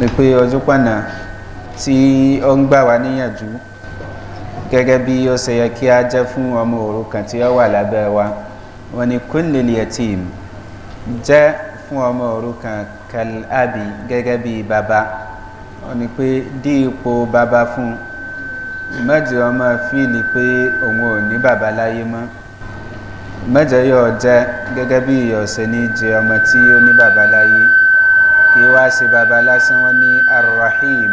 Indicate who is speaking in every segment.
Speaker 1: ni pé ọdún pànà tí ó ń gbà wá níyànjú gẹ́gẹ́ bí ó ṣe yẹ kí a jẹ́ fún ọmọ òrukàn tí ó wà lábẹ́ wa wọn ni kullil yatim jẹ́ fún ọmọ òrukàn kalabi gẹ́gẹ́ bí bàbá wọn ni pé dí ipò bàbá fún mẹ́jọ ọmọ fíìlì pé òun ò ní bàbá láyé mọ́ mẹ́jọ yóò jẹ́ gẹ́gẹ́ bí ìyọ̀ṣẹ́ ní jẹ ọmọ tí ó ní bàbá láyé kì í wá ṣe baba lásán wọn ní arrahim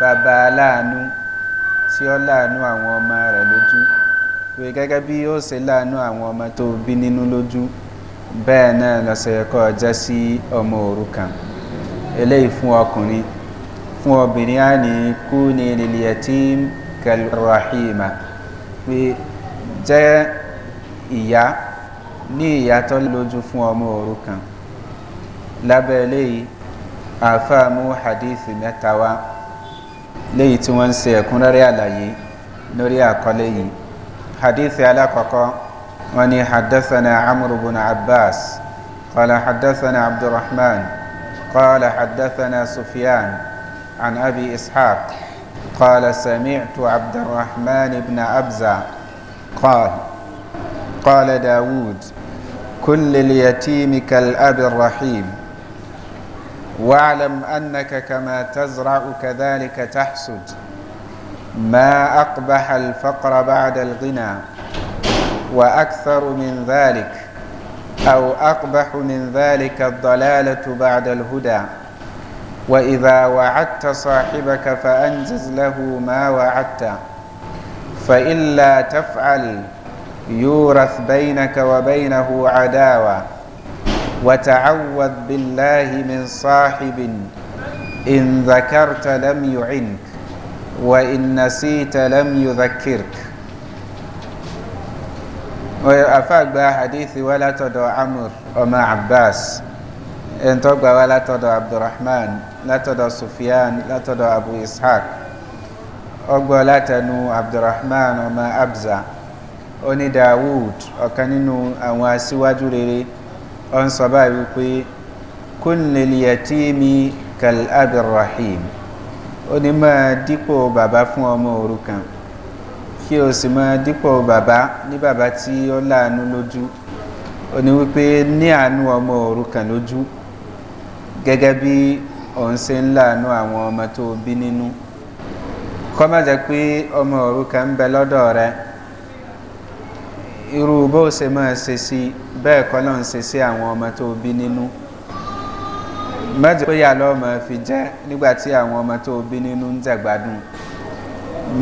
Speaker 1: baba aláàánú tí ó láàánú àwọn ọmọ rẹ̀ lójú pé gẹ́gẹ́ bí ó ṣe láàánú àwọn ọmọ tó bí nínú lójú bẹ́ẹ̀ náà lọ́sẹ̀ ẹ̀kọ́ ọjọ́ sí ọmọ òrukàn eléyìí fún ọkùnrin fún obìnrin á ní kú ní lilyatim kalrahima pé jẹ́ ìyá ní ìyá tó lójú fún ọmọ òrukàn lábẹ́ eléyìí àáfàá mú hadithi mẹ́ta wá léyìí tí wọ́n ń ṣe ẹ̀kúnrẹ́rẹ́ àlàyé lórí àkọlé yìí hadithi alákọ̀ọ́kọ́ wọ́n ní hadathana amr ibn abbas qala hadathana abdulrahman qala hadathana sufyan an abi ishaq qala sami'tu abdulrahman ibn abza qala qala dawud كل اليتيم كالأب الرحيم واعلم أنك كما تزرع كذلك تحسد ما أقبح الفقر بعد الغنى وأكثر من ذلك أو أقبح من ذلك الضلالة بعد الهدى وإذا وعدت صاحبك فأنجز له ما وعدته فإلا تفعل يورث بينك وبينه عداوة وتعوذ بالله من صاحب إن ذكرت لم يعنك وإن نسيت لم يذكرك ويأفاق بها حديث ولا تدع عمر وما عباس إن تقبى ولا تدع عبد الرحمن لا تدع سفيان لا تدع أبو إسحاق أقبى لا تنو عبد الرحمن وما أبزع أني داود ọ̀kan nínú àwọn aṣíwájú ọ̀n sọ báyìí wípé kúnlẹ̀lìyàtìmí kalabirahim ó ní máa dípò bàbá fún ọmọ òrukàn kí o sì máa dípò bàbá ní bàbá tí ó láàánú lójú ó ní wípé ní àánú ọmọ òrukàn lójú gẹ́gẹ́ bí òun ṣe ń láàánú àwọn ọmọ tó bí nínú kọ́ pé ọmọ òrukàn ń bẹ lọ́dọ̀ rẹ irú bó ṣe máa ṣe sí i bẹ́ẹ̀ kọ́ lọ́n ṣe sí àwọn ọmọ tó bí nínú mọ́jọ pé yà lọ́mọ fi jẹ́ nígbà tí àwọn ọmọ tó bí nínú ń jẹ̀gbádùn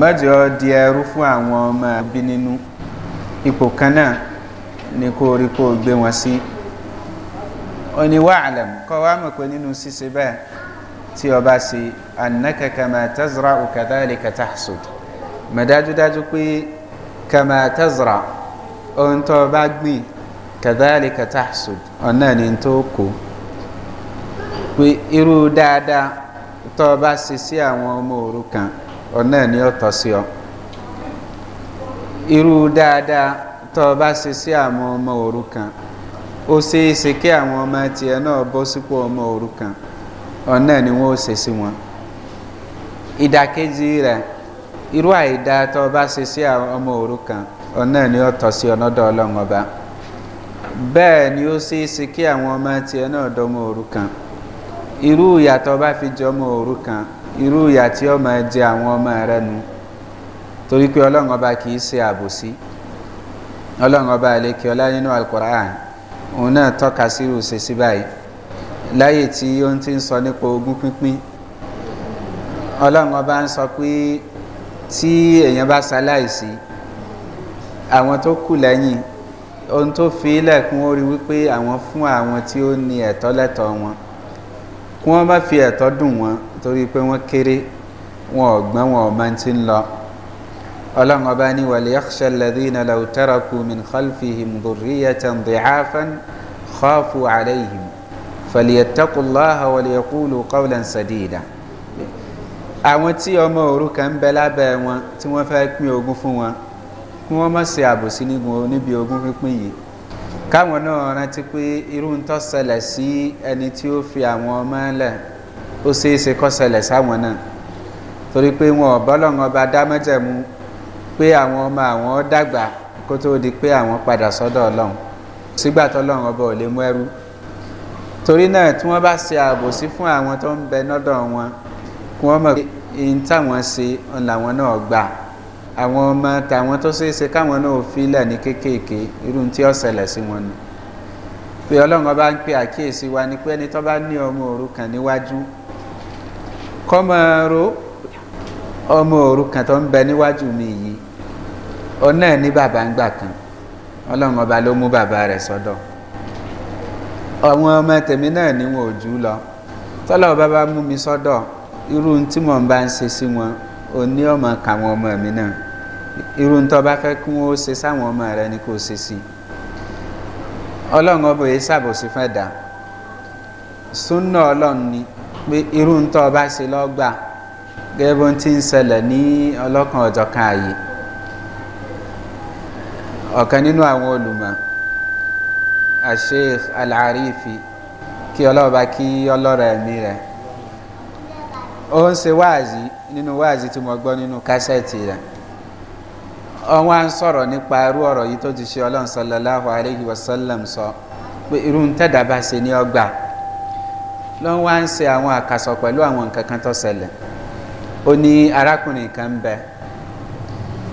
Speaker 1: mọ́jọ di ẹrú fún àwọn ọmọ bí nínú ipò kan náà ni kó rí kó gbé wọn sí oníwà àlẹm kọ́ wa mọ̀ pé nínú ṣíṣe bẹ́ẹ̀ tí ọba ṣe anakakama tazra okadali katahsud mọ̀ dájúdájú pé kama tazra ohun tó bá gbìn kàdáàlìkà tahsud ọ̀nà ni tó kù pé irú dáadáa tó o bá ṣe sí àwọn ọmọ òrukàn ọ̀nà ni ó tọ́ sí ọ irú dáadáa o bá ṣe sí àwọn ọmọ òrukàn ó ṣeé ṣe kí àwọn ọmọ tiẹ̀ náà bọ́ sípò ọmọ ọ̀nà ni wọ́n ó ṣe sí wọn ìdàkejì ọ bẹ́ẹ̀ ni ó ṣeé ṣe kí àwọn ọmọ tiẹ̀ náà dọ́mọ òrukàn irú ìyà tó bá fi jọmọ òrukàn irú ìyà tí ó máa jẹ àwọn ọmọ rẹ nu torí pé ọlọ́run ọba kì í ṣe àbòsí ọlọ́run ọba àlekè ọlá nínú alukoran òun náà tọ́ka sí irú ṣe sí báyìí láyè tí ó ti ń sọ nípa ogún pínpín ọlọ́run ọba ń sọ pé tí èèyàn bá ṣaláìsí àwọn tó kù lẹ́yìn ohun tó fi ilẹ̀ kún ó rí wípé àwọn fún àwọn tí ó ní ẹ̀tọ́ lẹ́tọ́ wọn kí wọ́n bá fi ẹ̀tọ́ dùn wọn torí pé wọ́n kéré wọn ọ̀gbọ́n wọn ọ̀mọ tí ń lọ ọlọ́run ọba ní wàlẹ̀ yàkṣẹ́ lẹ́dínà làwùtẹ́rọ̀kù min khalfihim dhurriyatan dhi'afan khafu alayhim fàlìyàtàkùláhà wàlìyàkùlù qawlan sadida àwọn tí ọmọ òrukàn ń bẹ lábẹ́ wọn tí wọ́n fẹ́ pín ogún fún wọn kí wọ́n má ṣe àbòsí níbi ogún pínpín yìí káwọn náà rántí pé irú ń tọ́ ṣẹlẹ̀ sí ẹni tí ó fi àwọn ọmọ lẹ̀ ó ṣeé ṣe kọ́ ṣẹlẹ̀ sáwọn náà torí pé wọn ò bọ́lọ́run ọba dá mọ́jẹ̀mú pé àwọn ọmọ àwọn dàgbà kó tó di pé àwọn padà sọ́dọ̀ ọlọ́run sígbà tọ́lọ́run ọba ò lè mú ẹrú torí náà tí wọ́n bá ṣe àbòsí fún àwọn tó ń bẹ nọ́dọ̀ wọn kí wọ́n mọ̀ pé àwọn ọmọ tàwọn tó ṣeéṣe káwọn náà fílẹ̀ ní kéékèèké irú tí ó ṣẹlẹ̀ sí wọn ni pé ọlọ́run ọba ń pe àkíyèsí wa ni pé ẹni tó bá ní ọmọ òrukàn níwájú kọ́mọ̀ọ́rọ́ ọmọ òrukàn tó ń bẹ níwájú mi yìí ọ náà ní bàbá ń gbà kan ọlọ́run ọba ló mú bàbá rẹ̀ sọ́dọ̀ àwọn ọmọ tèmi náà ni wọn ò jù lọ tọ́lọ́ ọba bá mú mi sọ́dọ̀ irú tí mò ń bá ń ṣe sí wọn òní ọmọ kàwọn ọmọ mi náà irú tó bá fẹ́ kí wọ́n ṣe sáwọn ọmọ rẹ ni kò ṣe sí ọlọ́run ọbọ̀ yìí ṣàbòsí fẹ́ dà súnà ọlọ́run ni pé irú tó bá ṣe lọ́gbà gẹ́gẹ́ bó ti ń ṣẹlẹ̀ ní ọlọ́kan ọ̀jọ̀kan ààyè ọ̀kan nínú àwọn olùmọ̀ asheikh alarifi kí ọlọ́ọ̀bá kí ọlọ́rọ̀ ẹ̀mí rẹ̀ ó ń ṣe wáàzí nínú wáàzí tí mo gbọ́ nínú kásẹ̀tì rẹ̀ ọwọ́ à ń sọ̀rọ̀ nípa irú ọ̀rọ̀ yìí tó ti ṣe ọlọ́run sọlọ́láhu wasallam sọ pé irú ń daba bá ṣe ní ọgbà lọ́n wá ń ṣe àwọn àkàsọ̀ pẹ̀lú àwọn nǹkan kan tó ṣẹlẹ̀ ó ní arákùnrin kan ń bẹ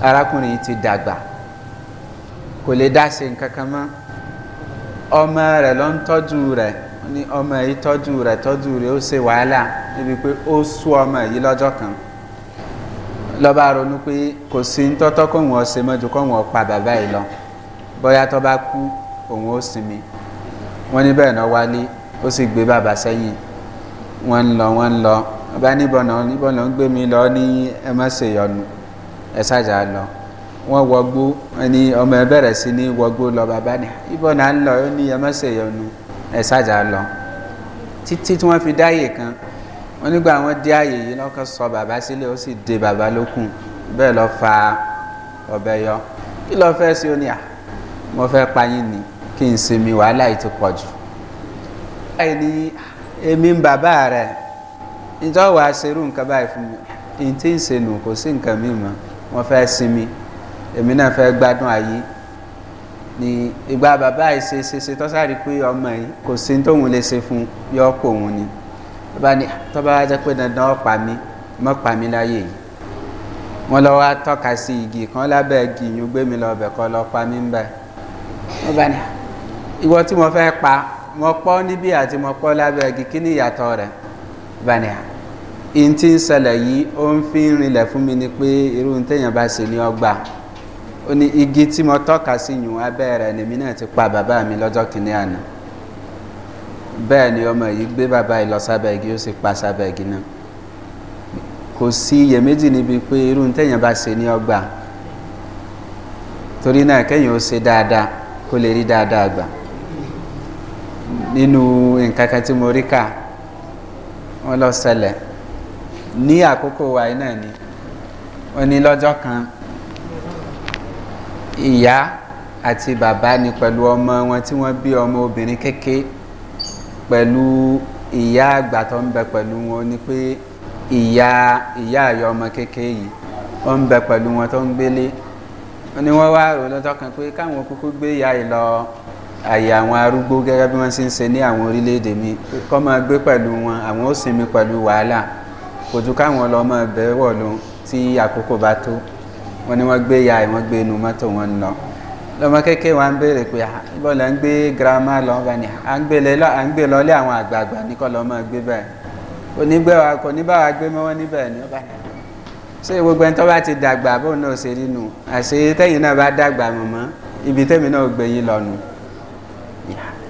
Speaker 1: arákùnrin yìí ti dàgbà kò lè dá ṣe nǹkan kan mọ́ ọmọ rẹ̀ ló ń tọ́jú rẹ̀ ọmọ yìí tọ́jú rẹ̀ tọ́jú lọ́ba ronú pé kò sí ń tọ́tọ́ kó wọn ṣe mọ́jú kó wọn pa bàbá yìí lọ bóyá tó bá kú òun ó sinmi wọ́n ní bẹ́ẹ̀ náà wálé ó sì gbé bàbá sẹ́yìn wọ́n ń lọ wọ́n ń lọ bá níbọn náà níbọn náà ń gbé mi lọ ní ẹ yọnu ẹ ṣàjà lọ wọ́n wọgbó ẹni ọmọ ẹ bẹ̀rẹ̀ sí ní wọgbó lọ bàbá ni ìbọn náà ń lọ ó ní ẹ má ṣe yọnu ẹ ṣàjà lọ títí tí wọ́n fi dáyè kan wọ́n nígbà wọ́n dé àyè yìí náà kàn sọ bàbá sílẹ̀ ó sì dé bàbá lókun bẹ́ẹ̀ lọ fa ọ̀bẹ yọ kí lọ fẹ́ sí ó à mo fẹ́ pa ni kí n sinmi wàhálà yìí ti pọ̀ jù báyìí ni èmi ń bàbá rẹ̀ ǹjọ́ wàá ṣerú nǹkan báyìí fún mi ǹtí ń ṣe nù kò sí nǹkan mi mọ́ wọ́n fẹ́ sinmi èmi náà fẹ́ gbádùn ayé ni ìgbà bàbá yìí ṣe ṣe ṣe tọ́sàrí pé ọmọ yìí kò sí tóun lè ṣe fún yọ òun ni bá ní tọ́ba wá jẹ́ pé dandan ọ̀pá mi mọ́pá mi láyé yìí wọ́n lọ wá tọ́ka sí igi kan lábẹ́ igi yìí gbé mi lọ ọbẹ̀ kọ́ lọ pa mí ń bẹ̀ wọ́n bá ní ìwọ tí mo fẹ́ pa mo pọ́ níbí àti mo pọ́ lábẹ́ igi kí ni ìyàtọ̀ rẹ̀ bá ní ìyìn tí ń ṣẹlẹ̀ yìí ó ń fi rinlẹ̀ fún mi ni pé irú téèyàn bá ṣe ní ọgbà ó ní igi tí mo tọ́ka sí yùn abẹ́ rẹ̀ nìmi náà ti pa bàbá mi lọ́jọ́ kìnìún àná bẹ́ẹ̀ ni ọmọ yìí gbé bàbá yìí lọ sábẹ́ igi ó sì pa sábẹ́ igi náà kò sí iyèméjì níbi pé irú tẹ̀yàn bá ṣe ní ọgbà torí náà kẹ́yìn ó ṣe dáadáa kó lè rí dáadáa gbà nínú nǹkan kan tí mo rí kà wọ́n lọ ṣẹlẹ̀ ní àkókò wa náà ni wọ́n ní lọ́jọ́ kan ìyá àti bàbá ni pẹ̀lú ọmọ wọn tí wọ́n bí ọmọ obìnrin kékeré pẹ̀lú ìyá àgbà tó ń bẹ pẹ̀lú wọn ni pé ìyá ìyá àyọ ọmọ kékeré yìí ó ń bẹ pẹ̀lú wọn tó ń gbélé ni wọ́n wá rò lọ́tọ́ kan pé káwọn kúkú gbé ìyá yìí lọ àyè àwọn arúgbó gẹ́gẹ́ bí wọ́n ṣe ń ṣe ní àwọn orílẹ̀-èdè mi kọ́ máa gbé pẹ̀lú wọn àwọn ó sinmi pẹ̀lú wàhálà kò ju káwọn lọ máa bẹ̀rẹ̀ wọ̀ lọ tí àkókò bá tó wọ́n ní wọ́n gbé ìyá yìí wọ́n gbé inú mọ́tò wọn lọ. lọmọ kéèké wa ń béèrè pé ah, bọ́ lẹ́ ń lọ bani à ń lọ à ń lọ lé àwọn àgbààgbà ní kọ́ lọ́mọ gbé kò ní bá wa ti dàgbà tẹ́yìn náà bá dàgbà mọ̀mọ́ ibi tẹ́mi náà gbé lọ nu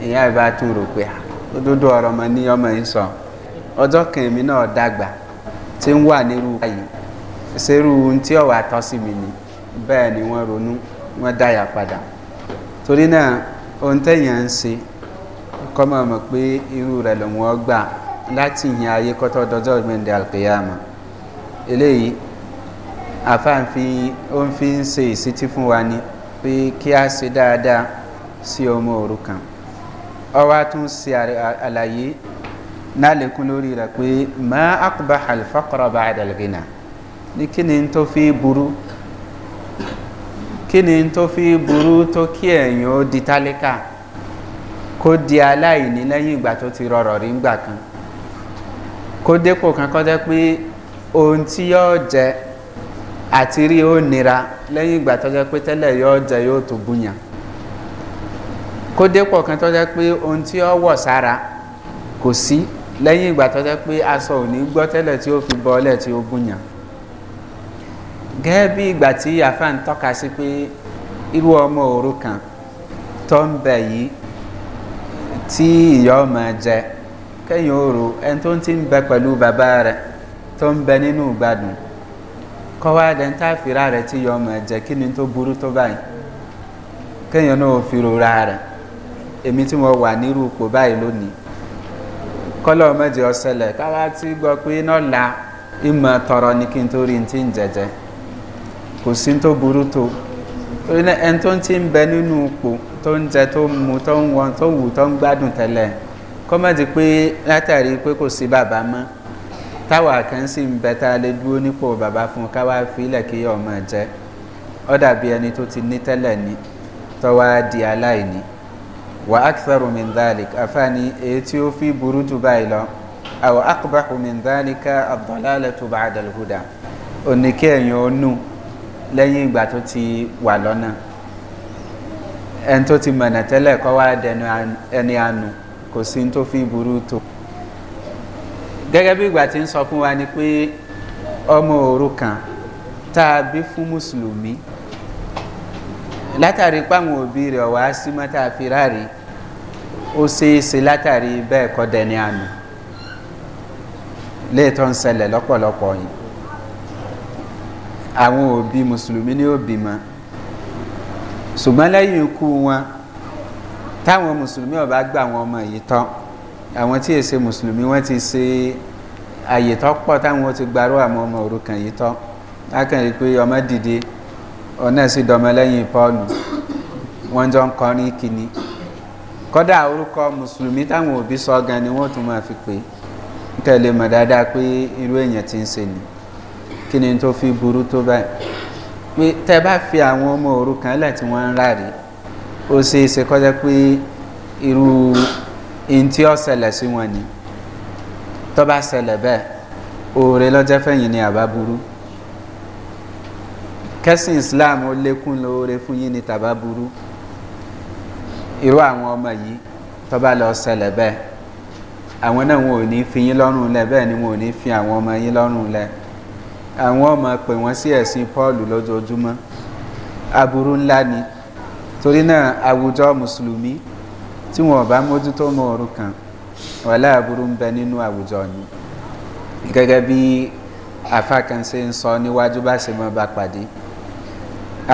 Speaker 1: ìyá ìbá tún rò pé ah, ọ̀rọ̀ ní ọmọ yìí sọ ọjọ́ kẹ̀mí náà dàgbà wọ́n dáyà padà torí náà ohun tẹ̀yàn ń ṣe kọ́mọ̀ mọ̀ pé irú rẹ̀ lòun ọgbà láti yin ayé kọ́tọ́ dọ́jọ́ ìgbẹ̀ndẹ̀ alkeyama eléyìí àfáàfin ó ń fi ń ṣe ìsítí fún wa ni pé kí a ṣe dáadáa sí ọmọ òrukàn ọwá tún ṣe àlàyé nálẹ̀kún lórí rẹ̀ pé ma akba alfaqra ba'da alghina ní kí ni tó fi burú kí ni tó fi burú tó kí ẹ̀yìn ó di tálíkà kó di aláìní lẹ́yìn ìgbà tó ti rọrọ̀ rí ńgbà kan kó dépò kan kọ́ jẹ́ pé ohun tí yóò jẹ àti rí ó nira lẹ́yìn ìgbà tó jẹ́ pé tẹ́lẹ̀ yóò jẹ yóò tó búyàn kó dépò kan tó jẹ́ pé ohun tí yóò wọ̀ sára kò sí lẹ́yìn ìgbà tó jẹ́ pé aṣọ ò ní gbọ́ tẹ́lẹ̀ tí ó fi bọ́ ọ́lẹ̀ tí ó búyàn. gẹ́gẹ́ bí ìgbà tí àfa ń tọ́ka sí pé irú ọmọ kan tó ń bẹ̀ yìí tí ìyá ọmọ jẹ kẹ́yìn òru ẹni tó ti ń bẹ pẹ̀lú bàbá rẹ tó ń bẹ nínú ìgbádùn kọ́wá dẹ́ńtàfìrà rẹ̀ tí ìyá ọmọ jẹ kí ni tó burú tó báyìí kẹ́yìn náà fi rora èmi tí mo wà nírú ipò báyìí lónìí kọ́lọ́ ọ̀sẹ̀lẹ̀ káwá gbọ́ pé náà la ìmọ̀ tọrọ ni kò sí tó burú tó torí náà ẹni tó ń ti ń bẹ nínú ipò tó ń jẹ tó ń mu tó ń wọn tó ń wù tó ń gbádùn tẹ́lẹ̀ kọ́mọ̀dé pé látàrí pé kò sí bàbá mọ́ táwa kan sì ń bẹ tá a lè dúró nípò bàbá fún káwá fi ilẹ̀ kí ọmọ jẹ ọ dàbí ẹni tó ti ní tẹ́lẹ̀ ni tọ́wá di aláìní wà ákìtàrù min dhalik afáàní èyí tí ó fi burú jù báyìí lọ àwọn akọbàkù min dhalika àbọ̀lálẹ̀ tó bá àdàlùhùdà òní kí ẹ̀yìn ọ̀nù lẹ́yìn ìgbà tó ti wà lọ́nà ẹni tó ti mọ̀nà tẹ́lẹ̀ kọ́ wá dẹnu ẹni àánú kò sí tó fi burú tó gẹ́gẹ́ bí ìgbà tí ń sọ fún wa ni pé ọmọ òrukàn tá a bí fún mùsùlùmí látàrí páwọn òbí rẹ̀ ọ̀wá sí mọ́tà fìràrí ó ṣeéṣe látàrí bẹ́ẹ̀ kọ́ dẹni àánú léètọ́ ń ṣẹlẹ̀ lọ́pọ̀lọpọ̀ yìí àwọn òbí mùsùlùmí ní òbí mọ́ ṣùgbọ́n lẹ́yìn ikú wọn táwọn mùsùlùmí ọba gba àwọn ọmọ yìí tán àwọn tí èsè mùsùlùmí wọ́n ti ṣe àyè tó pọ̀ táwọn ti gbarú àwọn ọmọ òrukàn yìí tán lákàrí pé ọmọ dìde ọ̀nà sì dọmọ lẹ́yìn pọ́ọ̀lù wọ́n jọ ń kọrin kìíní kọ́dà orúkọ mùsùlùmí táwọn òbí sọ gan ni wọ́n tún máa fi pè tẹ̀lé mọ̀ dáadáa pé irú èèyàn ti ń ṣe nìyí kí ni tó fi burú tó báyìí pé tẹ́ bá fi àwọn ọmọ òrukàn lẹ̀ tí wọ́n ń ráre ó ṣe é ṣe kọjá pé irú ihun tí ó ṣẹlẹ̀ sí wọn ni tó bá ṣẹlẹ̀ bẹ́ẹ̀ oore lọ́jọ́ fẹ̀yìn ni àbá burú kẹ́sìn Islam ó lékún lóore fún yín ni tàbá burú irú àwọn ọmọ yìí tó bá lọ ṣẹlẹ̀ bẹ́ẹ̀ àwọn náà wọn ò ní fi yín lọ́rùn lẹ̀ bẹ́ẹ̀ ni wọn ò ní fi àwọn ọmọ yín lọ́rùn lẹ̀ àwọn ọmọ pè wọ́n sí ẹ̀sìn paul lójoojúmọ́ aburú ńlá ni torí náà àwùjọ mùsùlùmí tí wọn bá mójútó mọ ọrùn kan wàhálà aburú ń bẹ nínú àwùjọ ni gẹ́gẹ́ bí afa ń sọ níwájú bá ṣe mọ́ bá pàdé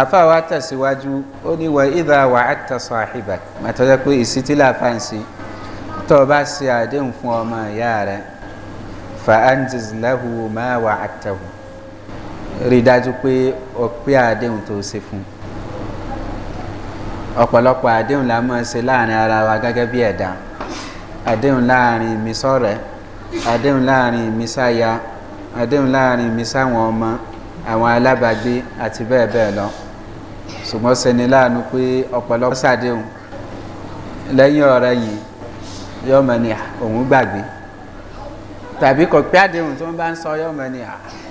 Speaker 1: afa wa tẹ̀síwájú ó ní wọ ìdá wà á tẹ̀sán àhìbà màtọ́jọ́ pé ìsítìlà fáǹsì tó o bá ṣe àdéhùn fún ọmọ ìyá rẹ fa anjizlahu ma wa atahu rí i dájú pé ọpẹ́ àdéhùn tó ṣe fún ọ̀pọ̀lọpọ̀ àdéhùn la máa ṣe láàrin ara wa gẹ́gẹ́ bí ẹ̀dá àdéhùn láàrin mi sọ̀rẹ́ àdéhùn láàrin mi sáya àdéhùn láàrin mi sáwọn ọmọ àwọn alábàágbé àti bẹ́ẹ̀ bẹ́ẹ̀ lọ ṣùgbọ́n ṣeni láàánú pé ọ̀pọ̀lọpọ̀ ṣàdéhùn lẹ́yìn ọ̀rẹ́ yìí yọ́mọ ni òun gbàgbé tàbí kò pé àdéhùn tí wọ́n bá ń sọ yọ́mọ ni àá.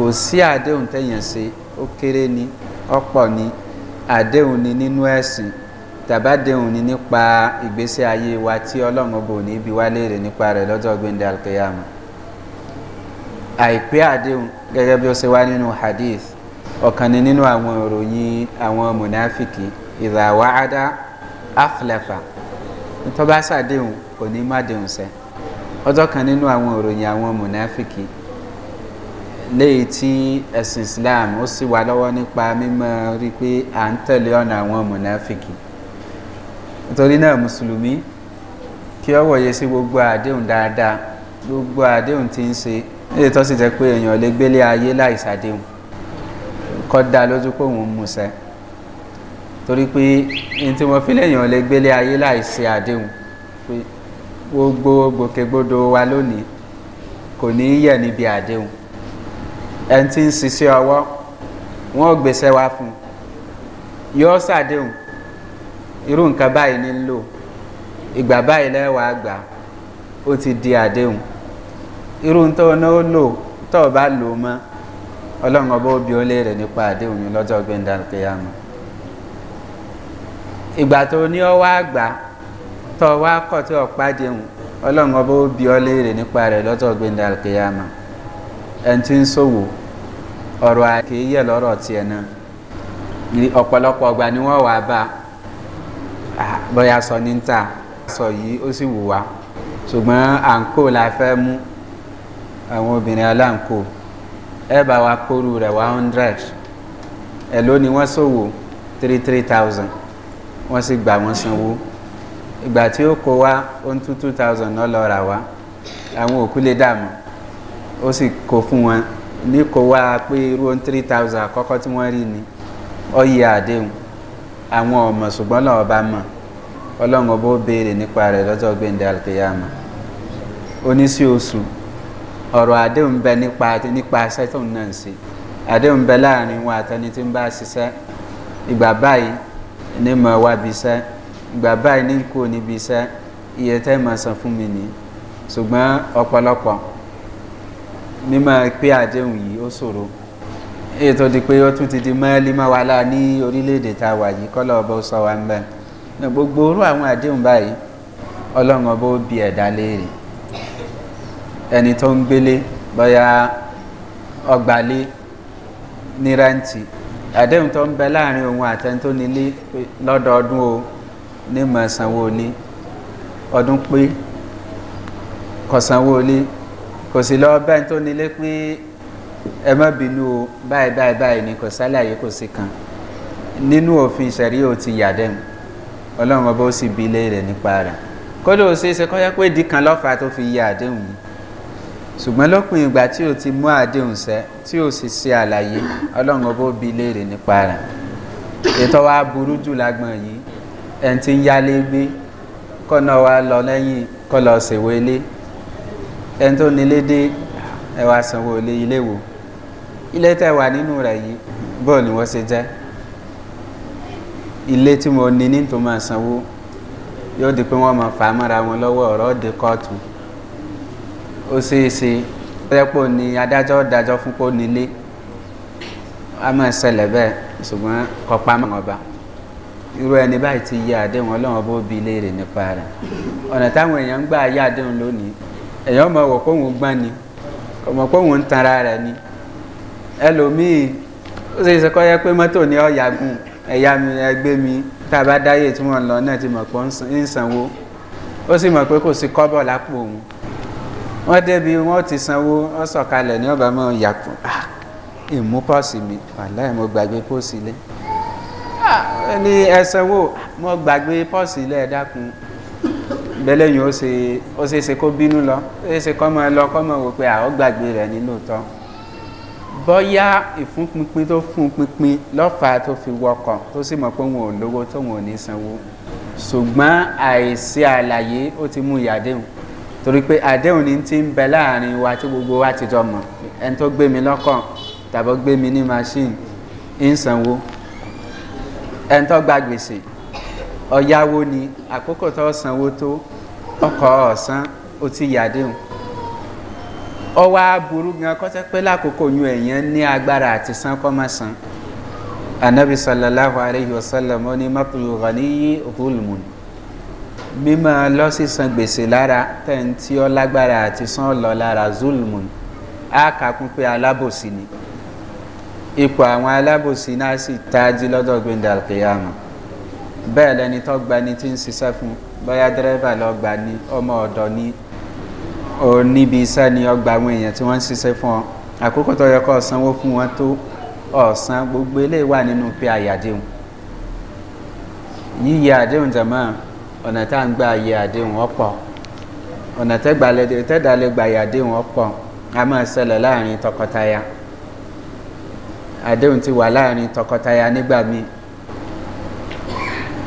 Speaker 1: kò sí àdéhùn téèyàn ṣe ó kéré ni ọ̀pọ̀ ni àdéhùn ni nínú ẹ̀sìn tàbádéhùn ni nípa ìgbésí ayé wa tí ọlọ́run ọba ò ní bí wá léèrè nípa rẹ̀ lọ́jọ́ gbẹ̀ndẹ̀ alkeyama àìpé àdéhùn gẹ́gẹ́ bí ó ṣe wá nínú hadith ọ̀kan ni nínú àwọn ìròyìn àwọn mùnáfìkì ìràwáádá aflefa tó bá ṣàdéhùn kò ní má déhùn ṣẹ ọjọ́ kan nínú àwọn ìròyìn àwọn mùnáfìkì léyìí tí ẹ̀sìn islam ó sì wà lọ́wọ́ nípa mímọ́ rí i pé à ń tẹ̀lé ọ̀nà àwọn mọ̀nàfìkì nítorí náà mùsùlùmí kí ọ wòye sí gbogbo àdéhùn dáadáa gbogbo àdéhùn tí ń ṣe léyìí tó sì jẹ́ pé èèyàn lè gbélé ayé láìsàdéhùn kọ́ dá lójú pé òun musẹ́ torí pé ní tí wọ́n fi léèyàn lè gbélé ayé láìsí àdéhùn gbogbo gbòkègbodò wa lónìí kò ní yẹ̀ níbi àdéhùn ẹni tí ń ṣiṣẹ́ ọwọ́ wọn ò gbèsè wá fún yóò ṣàdéhùn irú nǹkan báyìí ní lò ìgbà báyìí lẹ́wàá gbà ó ti di àdéhùn irú tó náà lò tó o bá lò mọ́ ọlọ́run ọba òbí ó léèrè nípa àdéhùn yìí lọ́jọ́ gbẹ̀ndà kéyàmù ìgbà tó ní ọ wá tó wá kọ̀ tí o pàdé ọlọ́run ọba ó bí ọ nípa rẹ̀ lọ́jọ́ gbẹ̀ndà kéyàmù ẹni tí ń ṣòwò. So ọ̀rọ̀ àkèéyẹ̀ lọ́rọ̀ tiẹ̀ náà ọ̀pọ̀lọpọ̀ ọgbà ni wọ́n wà bá bóyá sọ ní ta sọ yìí ó sì wù wá ṣùgbọ́n à ń kó la fẹ́ mú àwọn obìnrin aláǹkó ẹ bá wa kóru rẹ̀ one hundred ẹ ló ni ṣòwò three three thousand wọ́n sì gbà wọ́n sanwó ìgbà tí ó kó wa ó ń tú two thousand náà lọ rà wá àwọn òkú lè dààmú ó sì kó fún wọn ní kò wá pé irú three thousand àkọ́kọ́ tí wọ́n rí ni ọyẹ àdéhùn àwọn ọmọ ṣùgbọ́n lọ́wọ́ bá mọ̀ ọlọ́run ọba ó béèrè nípa rẹ̀ lọ́jọ́ gbẹ̀ǹdẹ̀ alkeyama oníṣẹ́ oṣù ọ̀rọ̀ àdéhùn bẹ nípa nípa iṣẹ́ tó ń ṣe àdéhùn bẹ láàrin wọn àtẹni tí ń bá ṣiṣẹ́ ìgbà báyìí ní mọ̀ mímọ pé àdéhùn yìí ó ṣòro ètò di pé ó tún ti di mọ́ẹ́lí wa láà ní orílẹ̀-èdè wa ń gbogbo orú àwọn àdéhùn báyìí ọlọ́run ọba ó bi ẹ̀dá léèrè ẹni tó ń gbélé bóyá ọgbàlé ní rántí àdéhùn tó ń bẹ láàrin òun àtẹni tó nílé lọ́dọọdún o ní mọ̀ sanwó-olé ọdún pé kọ̀sanwó-olé kò sí lọ bẹ́ẹ̀ tó nílé pé ẹ má bínú o báyìí báyìí báyìí ni kò sálàyé kò sí kan nínú òfin ìṣẹ̀rí ò ti yàdẹ́mu ọlọ́run ọba ó sì bi ilé rẹ̀ nípa rẹ̀ kódà ó ṣeéṣe kọ́ yẹ pé ìdí kan lọ́fà tó fi yẹ àdéhùn yìí ṣùgbọ́n lópin ìgbà tí o ti mú àdéhùn sẹ́ tí o sì ṣe àlàyé ọlọ́run ọba ó bi ilé rẹ̀ nípa rẹ̀ ètò wa burú jù lágbọ̀n yìí ẹni tí ń yálé gbé kọ́nà wa lọ lẹ́yìn kọ́ lọ ṣèwé ilé ẹni tó nílé dé ẹ wá sanwó ilé ilé wo ilé tẹ wà nínú rẹ yìí bọ́ọ̀ ni wọ́n ṣe jẹ́ ilé tí mo ní ní tó máa sanwó yóò di pé wọ́n máa fà á mọ́ra wọn lọ́wọ́ ọ̀rọ̀ di kóòtù ó ṣeé ṣe pẹ́pọ̀ ni adájọ́ dájọ́ fún kó nílé a máa ṣẹlẹ̀ bẹ́ẹ̀ ṣùgbọ́n kọpa mọ́ ọba irú ẹni báyìí ti yẹ àdéhùn ọlọ́run bó bi léèrè nípa rẹ̀ ọ̀nà táwọn èèyàn ń gbà yá àdéhùn lónìí èèyàn mọ̀ wọ̀ pé òun gbọ́n ni ọmọ pé òun ń tanra rẹ̀ ni ẹlòmíì ó ṣe é ṣe kọ́ yẹ pé mọ́tò ni ọ̀yà gùn ẹ̀yà mi ẹgbẹ́ mi tá a bá dáyé tí wọ́n ń lọ náà ti mọ̀ pé ń sanwó ó sì mọ̀ pé kò sí kọ́bọ̀ lápò òun wọ́n débi wọ́n ti sanwó wọ́n sọ̀kalẹ̀ ní ọba mọ́ yàpọ̀ ìmú pọ́ọ̀sì mi wàláì mo gbàgbé pọ́ọ̀sì lé ní ẹsanwó mo gbàgbé pọ́ọ̀sì lé ẹ dákun bẹ́lẹ̀ yìí ó ṣe ó ṣe ṣe kó bínú lọ ó ṣe kọ́ mọ́ ẹ lọ kọ́ mọ́ wò pé àwọn gbàgbé rẹ̀ nínú tán bọ́yá ìfúnpinpin tó fún pinpin lọ́fàá tó fi wọkọ̀ tó sì mọ̀ pé òun ò lówó tóun ò ní sanwó ṣùgbọ́n àìsí àlàyé ó ti mú ìyàdéhùn torí pé àdéhùn ni ti ń bẹ láàrin wa tí gbogbo wa ti jọ mọ̀ ẹni tó gbé mi lọ́kọ̀ tàbí gbé mi ní machine ń sanwó ẹni tó gba ọ̀yáwó ni àkókò tó sanwó tó ọkọ̀ ọ̀sán ó ti yàdéhùn ọwọ́ aburú gan kọ́tẹ́ pé lákòókò yún ẹ̀yàn ní agbára àti san kọ́ máa san anabi sallallahu alayhi wa sallam ó ní mọ́tòlù ghaniyi zulmun mímọ́ lọ́sísan gbèsè lára tẹ̀ǹtì ọ́ lágbára àti san lọ lára zulmun á kàkún pé alábòsí ni ipò àwọn alábòsí náà sì tají lọ́dọ̀ gbẹ̀ndàlùkìyàmù bẹ́ẹ̀ lẹni tó gba ẹni tí ń ṣiṣẹ́ fún bóyá dẹ́rẹ́bà lọ gbà ní ọmọ ọ̀dọ́ ní níbi iṣẹ́ ni ọgbà àwọn èèyàn tí wọ́n ń ṣiṣẹ́ fún ọ àkókò tó yẹ kó sanwó fún wọn tó ọ̀sán gbogbo eléyìí wà nínú pé àyàdéhùn yíyẹ àdéhùn jẹ̀mọ́ ọ̀nà tá à ń gba àyè àdéhùn ọ̀pọ̀ ọ̀nà tẹ́gbàlẹ̀ gba àyè àdéhùn ọ̀pọ̀ a máa ṣẹlẹ̀ láàrin tọkọtaya àdéhùn ti wà láàrin tọkọtaya nígbà míì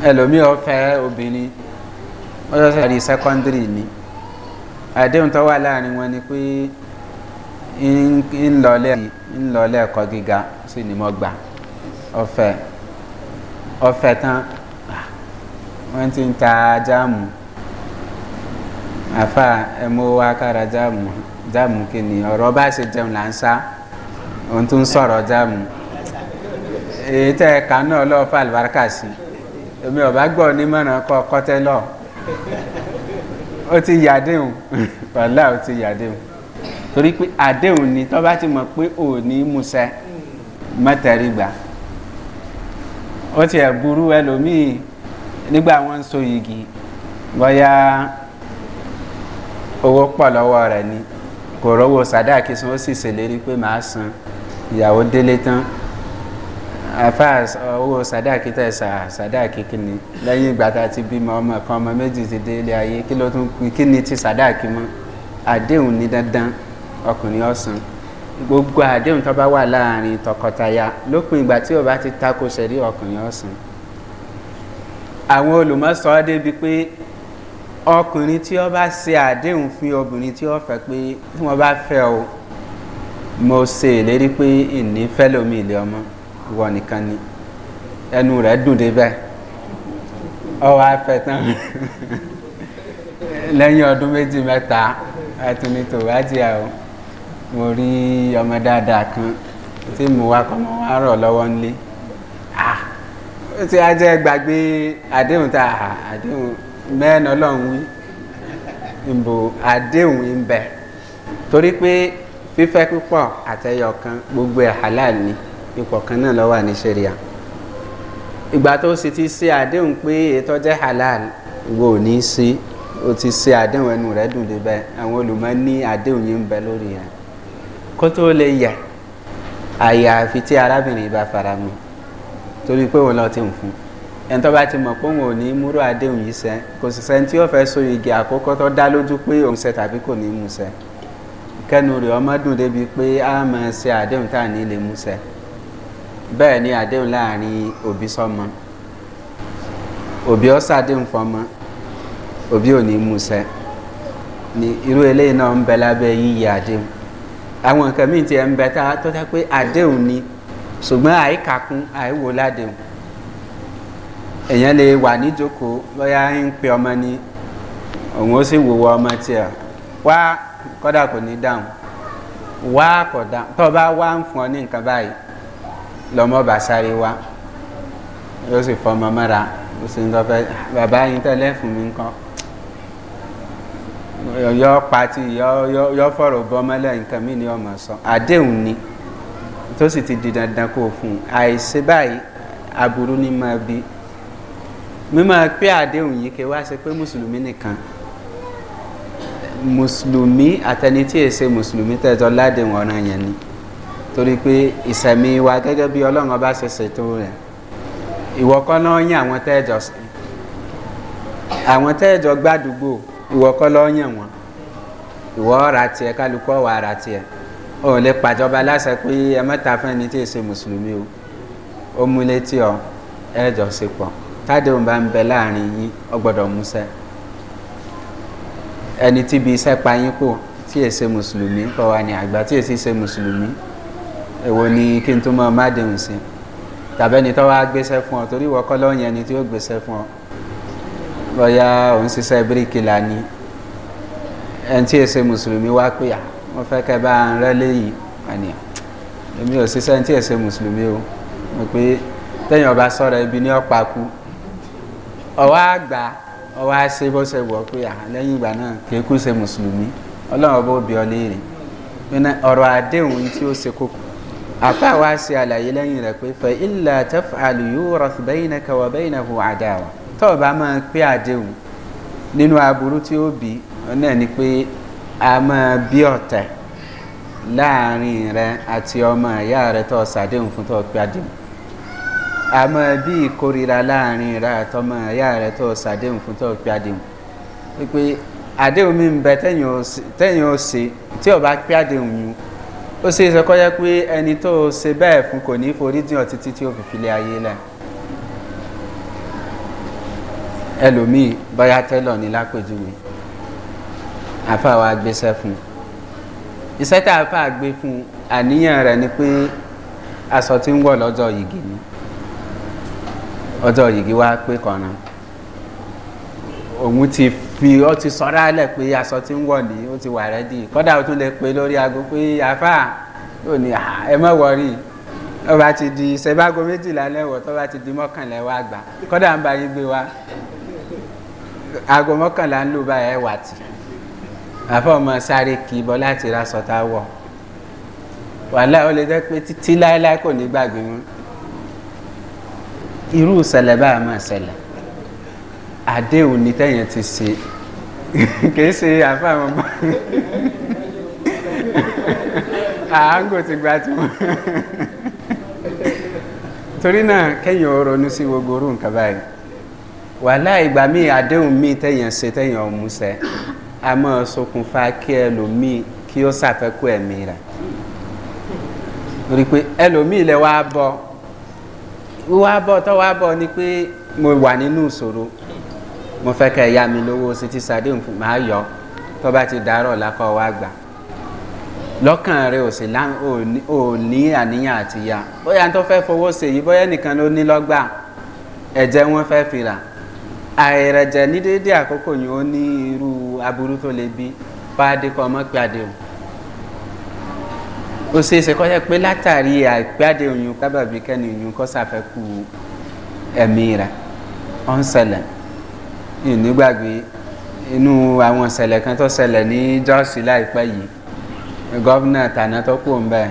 Speaker 1: ẹlòmíì ọ̀fẹ́ obìnrin wọ́n ṣẹ̀ṣẹ̀ parí sẹ́kọ́ndírì ni àdéhùn tó wà láàrin wọn ni pé ńlọlẹ́ ẹ̀kọ́ gíga sí ni mo gbà ọ̀fẹ́ ọ̀fẹ́ tán wọ́n ti ń ta jáàmù àfa ẹ̀mú wa kára jáàmù jáàmù kí ni ọ̀rọ̀ bá ṣe jẹun là ń sá òun tún sọ̀rọ̀ jáàmù èyí tẹ́ ẹ̀ka náà lọ́ọ́ fà lùbáríkà sí i èmi ọ̀bá gbọ́ onímọ̀ràn kọ́ kọ́tẹ́ lọ ó ti yàdéhùn wàhálà ó ti yàdéhùn torí pé àdéhùn ni tọ́ bá ti mọ̀ pé ò ní musẹ́ mọ́tẹ́rì gbà ó tiẹ̀ burú ẹlòmíì nígbà wọn ń so yìgì bóyá owó pọ̀ lọ́wọ́ rẹ̀ ni kò rówó sàdáàkì san sì ṣèlérí pé màá san ìyàwó délé tán àfa owó sàdáàkì tẹ̀sà sàdáàkì kìíní lẹ́yìn ìgbà tá a ti bímọ ọmọ kan ọmọ méjì ti dé ilé ayé kí ló tún pin kí ni ti sàdáàkì mọ́ àdéhùn ní dandan ọkùnrin ọ̀sán gbogbo àdéhùn tó bá wà láàrin tọkọtaya lópin ìgbà tí ó bá ti tako ṣẹ̀rí ọkùnrin ọ̀sán àwọn olùmọ̀sọ débi pé ọkùnrin tí ó bá ṣe àdéhùn fún obìnrin tí ó fẹ́ pé tí wọ́n bá fẹ́ o mo ṣe ìlérí pé ìní fẹ́ lómi ilé ọmọ ìwọ nìkan ni ẹnu rẹ̀ dùn débẹ̀ ọ wá fẹ́ tán lẹ́yìn ọdún méjì mẹ́ta ẹtùní tó wá jìyà o mo rí ọmọ dáadáa kan tí mo wá kọ́ mọ́ wá rọ̀ lọ́wọ́ nílé ah tí a jẹ́ gbàgbé àdéhùn tá a àdéhùn mẹ́rin ọlọ́run wí ìbò àdéhùn ń torí pé fífẹ́ púpọ̀ àtẹyọ kan gbogbo ẹ̀ halal ni ipò kan náà ló wà ní sẹ́ríà ìgbà tó sì ti ṣe àdéhùn pé ètò jẹ́ halal wo ò ní sí o ti ṣe àdéhùn ẹnu rẹ̀ dùn débẹ̀ àwọn olùmọ̀ ní àdéhùn yìí ń bẹ lórí yẹn kó tó lè yẹ àyàfi tí arábìnrin bá fara mu torí pé òun lọ ti ń fún ẹni tó bá ti mọ̀ pé òun ò ní múrò àdéhùn yìí ṣẹ kò sì sẹ́ni tí yóò fẹ́ so igi àkọ́kọ́ tó dá lójú pé òun ṣẹ tàbí kò ní mú ṣẹ kẹnu rẹ̀ ọmọ débi pé a máa ṣe àdéhùn tá à ní lè mú ṣẹ. bẹ́ẹ̀ ni àdéhùn láàrin òbí sọ́mọ òbí ọ sàdéhùn fọmọ òbí ò ní musẹ ni irú eléyìí náà ń bẹ lábẹ́ yíyí àdéhùn àwọn nǹkan míì ti ẹ̀ ń bẹ tá tó tẹ́ pé àdéhùn ni ṣùgbọ́n àìkàkún àìwò ládéhùn èèyàn lè wà níjókòó lọ́yà ń pe ọmọ ni òun ó sì wòwò ọmọ tiẹ̀ wá kọ́dà kò ní dáhùn wá kọ̀dà tó bá wá ń fún ọ ní nǹkan báyìí lọmọ bá sáré wá yóò sì fọmọ mọ́ra ó sì ń lọ fẹ́ bàbá yín tẹ́lẹ̀ fún mi nǹkan yọ pati yọ fọ̀rọ̀ bọ́mọ́lẹ̀ nǹkan mi ni ọmọ sọ àdéhùn ni tó sì ti di dandan kó fún un àìsí báyìí aburú ni máa bí mímọ pé àdéhùn yìí ké wá ṣe pé mùsùlùmí nìkan mùsùlùmí àtẹni tí èsè mùsùlùmí tẹ̀tọ́ ládéhùn ọ̀ràn yẹn ni torí pé ìsẹ̀mí wa gẹ́gẹ́ bí ọlọ́run ọba ṣe ṣètò rẹ̀ ìwọ kọ́ lọ́ yàn àwọn tẹ́ẹ̀jọ àwọn tẹ́ẹ̀jọ gbàdúgbò ìwọ kọ́ lọ́ yàn wọ́n ìwọ ọ̀rà tiẹ̀ kálukú ọ̀wà ara tiẹ̀ o lè pàjọba láṣẹ pé ẹ mẹ́ta fẹ́ni tí ì ṣe mùsùlùmí o ó mú létí ọ ẹ̀jọ̀ ṣe pọ̀ tádéhùn bá ń bẹ láàrin yín ọgbọ́dọ̀ múṣẹ́ ẹni tí iṣẹ́ pa yín pò tí ì ṣe mùsùlùmí kọ́ wa ní àgbà tí ì sì ṣe mùsùlùmí èwo ni kí n tó mọ mádìhùn sí tàbẹ́ni tó wá gbéṣẹ́ fún ọ torí wọ́kọ́ lọ́yìn ẹni tí ó gbéṣẹ́ fún ọ lọ́yà òun ṣiṣẹ́ bíríkìlà ni ẹni tí èsè mùsùlùmí wá pé à wọ́n fẹ́ kẹ́ bá ń rẹ́ léyìí àní èmi ò ṣiṣẹ́ ẹni tí èsè mùsùlùmí o mo pé tẹ́yìn ọba sọ̀rọ̀ ibi ní ọ̀pá kú ọwọ́ àgbà ọwọ́ àṣẹ bó ṣe wọ̀ pé lẹ́yìn ìgbà náà kì í kú ṣe mùsùlùmí ọlọ́run ọba ò bí ọ àdéhùn tí ó ṣe kókó afa wa ṣe àlàyé lẹ́yìn rẹ̀ pé fẹ́ ilà tẹ́fà àlùyó rọ̀fì bẹ́yìnà kẹwà bẹ́yìnà hù àdáwà tó o bá máa pé àdéhùn nínú aburú tí ó bí náà ni pé a máa bí ọ̀tẹ̀ láàrin rẹ àti ọmọ ìyá rẹ tó o ṣàdéhùn fún tó pé àdéhùn a máa bí ìkórira láàrin rẹ àtọmọ ìyá rẹ tó o fún tó pé àdéhùn pé àdéhùn mi ń bẹ tẹ́yìn ó ṣe tí o pé àdéhùn yìí ó sì sọ kọ́ eni pé ẹni tó ṣe bẹ́ẹ̀ fún kò ní forí dín ọ títí ó fi filẹ̀ ayé lẹ̀ ẹlòmíì báyà tẹ́lọ̀ ní lápèjúwe àfa wa gbéṣẹ́ fún iṣẹ́ tá a fà gbé fún àníyàn rẹ̀ ni pé aṣọ tí ń wọ̀ lọ́jọ́ yìgì ni ọjọ́ yìgì wá pé kọ̀ọ̀nà òun ti fi ọ ti sọ̀rọ̀ alẹ̀ pé aṣọ ti ń wọ̀ ní ó ti wà rẹ́dì kọ́dà ó tún lè pe lórí aago pé àfà yóò ní ẹ mọ̀ wọ̀rí ó bá ti di ṣẹ́bágo méjìlá lẹ́wọ̀ tó bá ti di mọ́kànlá ẹ̀wọ̀ àgbà kọ́dà ń bá yín gbé wa aago mọ́kànlá ń lò bá ẹ̀ wà tì àfà ọmọ sáré kì í bọ́ láti ra sọ̀tà wọ̀ wàhálà ó lè jẹ́ pé títí láéláé kò ní gbàgbé wọn irú ìṣẹ̀lẹ̀ báyìí máa ṣẹlẹ̀ àdéhùn ni tẹ́yìn ti ṣe kì í ṣe wọn bá àágò ti gba tí wọn torí náà kẹ́yìn ó sí gbogbo nǹkan báyìí wàhálà ìgbà míì àdéhùn míì tẹ̀yàn ṣe tẹ̀yàn a máa ṣokùnfà kí ẹlòmíì kí ó ṣàfẹ́kù ẹ̀mí rẹ̀ torí ni pé mo wà nínú mo fẹ́ kẹ́ ya mi lówó sítí sàdéhùn fún màá yọ tó bá ti dárọ̀ lákọ̀ wá gbà lọ́kàn rẹ ò sì ò ní àníyàn àti ya bóyá tó fẹ́ fowó ṣe yìí bóyá nìkan ló ní lọ́gbà ẹ̀jẹ̀ wọn fẹ́ fi rà àìrẹ̀jẹ̀ ní déédé àkókò yìí ó ní irú aburú tó le bí pàdé kọ́ ọmọ ó ṣe é ṣe kọ́ yẹ pé látàrí àìpé àdéhùn kábàbí kẹ́ni yìí kọ́ sàfẹ́kù ẹ̀mí rẹ̀ ọ̀n ìnígbàgbé inú àwọn ìṣẹ̀lẹ̀ kan tó ṣẹlẹ̀ ní jọ́ọ̀sì láìpẹ́ yìí gọ́vnà tàná tó pò ń bẹ̀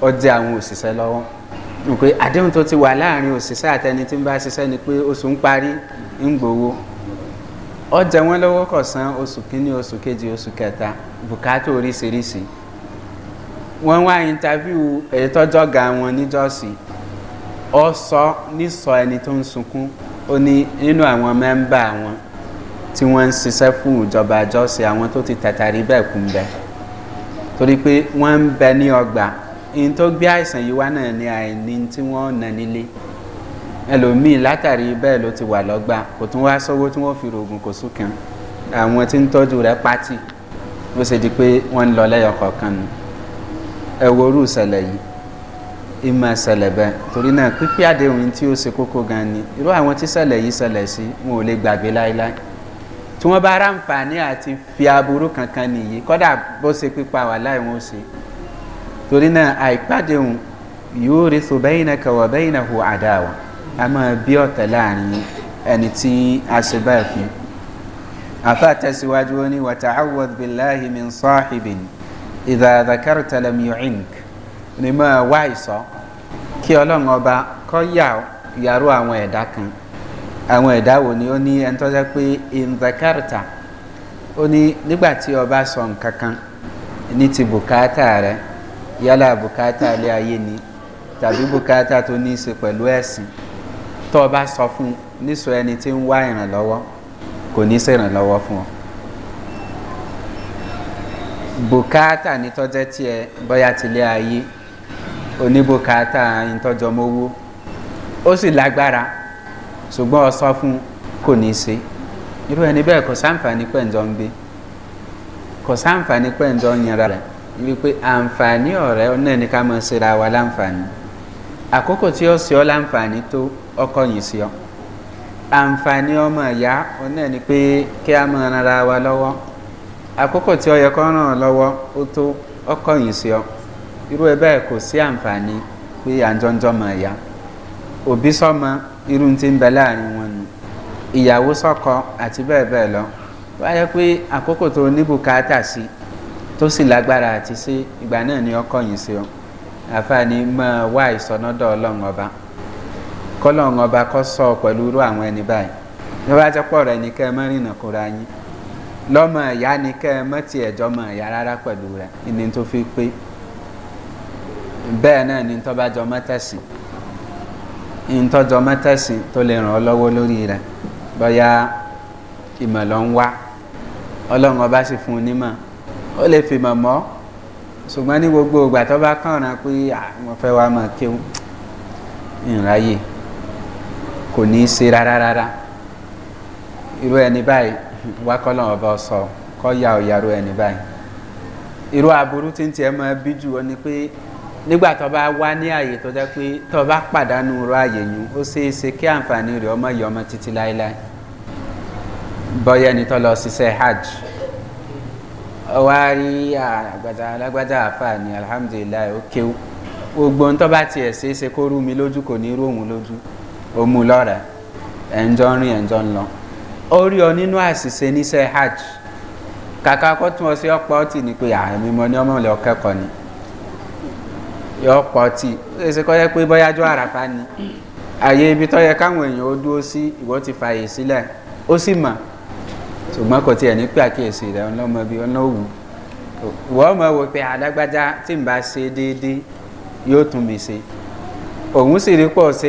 Speaker 1: ó dé àwọn òṣìṣẹ́ lọ́wọ́ pé àdéhùn tó ti wà láàrin òṣìṣẹ́ àtẹni tí ń bá ṣiṣẹ́ ni pé oṣù ń parí ń gbowó ó jẹ wọ́n lọ́wọ́ kọ̀sán oṣù kínní oṣù kejì oṣù kẹta bùkátà oríṣiríṣi wọ́n wá intaviu èyí tọ́jọ́ ga wọn ní jọ́ọ̀sì ó sọ ní sọ ẹni tó ń sunkún ó ní nínú àwọn mẹ́ńbà àwọn tí wọ́n ń ṣiṣẹ́ fún ìjọba àjọṣe àwọn tó ti tàtàrí bẹ́ẹ̀ kú ń bẹ torí pé wọ́n ń bẹ ní ọgbà in tó gbé àìsàn yìí wá náà ni àìní tí wọ́n nà nílé ẹlòmíì látàrí bẹ́ẹ̀ ló ti wà lọ́gbà kò tún wá sọ́wọ́ tí wọ́n fi rògùn kò súnkàn àwọn tí ń tọ́jú rẹ̀ pátì bó ṣe di pé wọ́n ń lọ lẹ́yọ kọ̀ọ̀kan nù ẹ ìṣẹ̀lẹ̀ yìí ìmọ̀ ẹ̀sẹ̀lẹ̀ bẹ́ẹ̀ torí náà pípé àdéhùn tí ó ṣe kókó gan ni irú àwọn tí ṣẹlẹ̀ yìí ṣẹlẹ̀ sí wọn ò lè gbàgbé láéláé tí wọ́n bá ráǹfààní àti fi aburú kankan nìyí kọ́dà bó ṣe pípa wà láì wọ́n ṣe torí náà àìpàdéhùn yóò rí so bẹ́yìn náà kẹwàá bẹ́yìn náà hù àdáwà a máa bí ọ̀tẹ̀ láàrin ẹni tí a ṣe báyìí fún afa tẹ̀síwájú ó ní wàtà awọ́d sọ́ọ́hìbìn ìdàdàkàrù tẹlẹmìíràn ni mọ́ ẹ wá ìsọ́ kí ọlọ́run ọba kọ́ yà yàrá àwọn ẹ̀dá kan àwọn ẹ̀dá wo ni ó ní ẹni tó jẹ́ pé inzakarta ó ní nígbà tí ọba sọ nǹkan kan ní ti bùkátà rẹ yálà bùkátà ilé ayé ni tàbí bùkátà tó ní í ṣe pẹ̀lú ẹ̀sìn tó ọba sọ fún níṣọ ẹni tí ń wá ìrànlọ́wọ́ kò ní í ṣèrànlọ́wọ́ fún ọ bùkátà ní tọ́jẹ́ tiẹ̀ bóyá tilé ayé oníbùkátà ìtọ́jọmọ́wó ó sì lágbára ṣùgbọ́n ọsọ fún kò ní í ṣe irú ẹni bẹ́ẹ̀ kò sáǹfààní pẹ̀ǹjọ́ ń gbé kò sáǹfààní pẹ̀ǹjọ́ ń yanra rẹ̀ wípé àǹfààní ọ̀rẹ́ náà ní ká mọ̀ síra wa láǹfààní àkókò tí ó ṣe ọ́ láǹfààní tó ọkọ̀ yìí sí ọ àǹfààní ọmọ ìyá náà ni pé kí a máa ara wa lọ́wọ́ àkókò tí ó yẹ kó ràn ọ́ lọ́wọ́ ó tó ọkọ̀ yìí sí ọ irú ẹ bẹ́ẹ̀ kò sí àǹfààní pé àjọjọ́ mọ̀ ẹ̀yà òbí sọ́mọ irú ti ń bẹ láàrin wọn nù ìyàwó sọ́kọ àti bẹ́ẹ̀ bẹ́ẹ̀ lọ wáyé pé àkókò tó níbùkátà sí tó sì lágbára àti sí ìgbà náà ni ọkọ yìí sí ọ àfààní máa wá ìsọnọdọ ọlọ́run ọba kọ́lọ́run ọba kọ́ sọ pẹ̀lú irú àwọn ẹni báyìí bí wọ́n á jẹ́ pọ̀ rẹ̀ ní kẹ́ ẹ mọ́ kóra yín lọ́mọ ìyá ni kẹ́ ẹ mọ́ tiẹ̀ jọmọ ìyá rárá pẹ̀lú rẹ̀ ìní tó fi pé bẹ́ẹ̀ náà ni tọ́ bá jọ mọ́tẹ́sìn ìtọ́jọ tó lè ràn ọ́ lọ́wọ́ lórí rẹ̀ bọ́yá ìmọ̀ lọ ń wá ọlọ́run ọba sì fún un nímọ̀ ó lè fìmọ̀ mọ́ ṣùgbọ́n gbogbo ìgbà tó bá kànràn pé àwọn fẹ́ wá mọ̀ kéwù ìráyè kò ní í ṣe rárá rárá irú ẹni báyìí wá ọba sọ kọ́ ya ọ̀yàrú ẹni báyìí irú aburú tí ń tiẹ̀ mọ́ bí jù ọ ni pé nígbà tó bá wá ní àyè tó jẹ́ pé tó bá pàdánù rọ àyè yún ó ṣeé ṣe kí àǹfààní rẹ̀ ọmọ yìí ọmọ títí láéláé bọ́yá ẹni tó lọ ṣiṣẹ́ hajj ọwọ́ rí àgbàdà alágbàdà àfààní alhamdulilayi ó kéwú gbogbo ń tó bá tiẹ̀ ṣeé ṣe kó rú mi lójú kò ní rú òun lójú ó mú lọ́ra ẹ̀ ń jọ ń rìn ẹ̀ ń jọ ń lọ ó rí ọ nínú àṣìṣe níṣẹ́ hajj kàkà kó tún ọ sí ọ̀pọ̀ ọtí ni pé àmì mọ́ ni ọmọ ilẹ̀ ọ̀kẹ́kọ̀ọ́ ni. yọ pọ̀ tì ó ṣe pé bọ́yájú àràfà ni àyè ibi tó yẹ káwọn èèyàn ó dúró sí ìwọ ti fààyè sílẹ̀ ó sì mọ̀ ṣùgbọ́n kò tiẹ̀ ní pé àkíyèsí rẹ̀ ọlọ́mọ bíi ọlọ́wù ìwọ ọmọ pé àdágbájá tí n bá yóò tún mi ṣe sì rí ṣe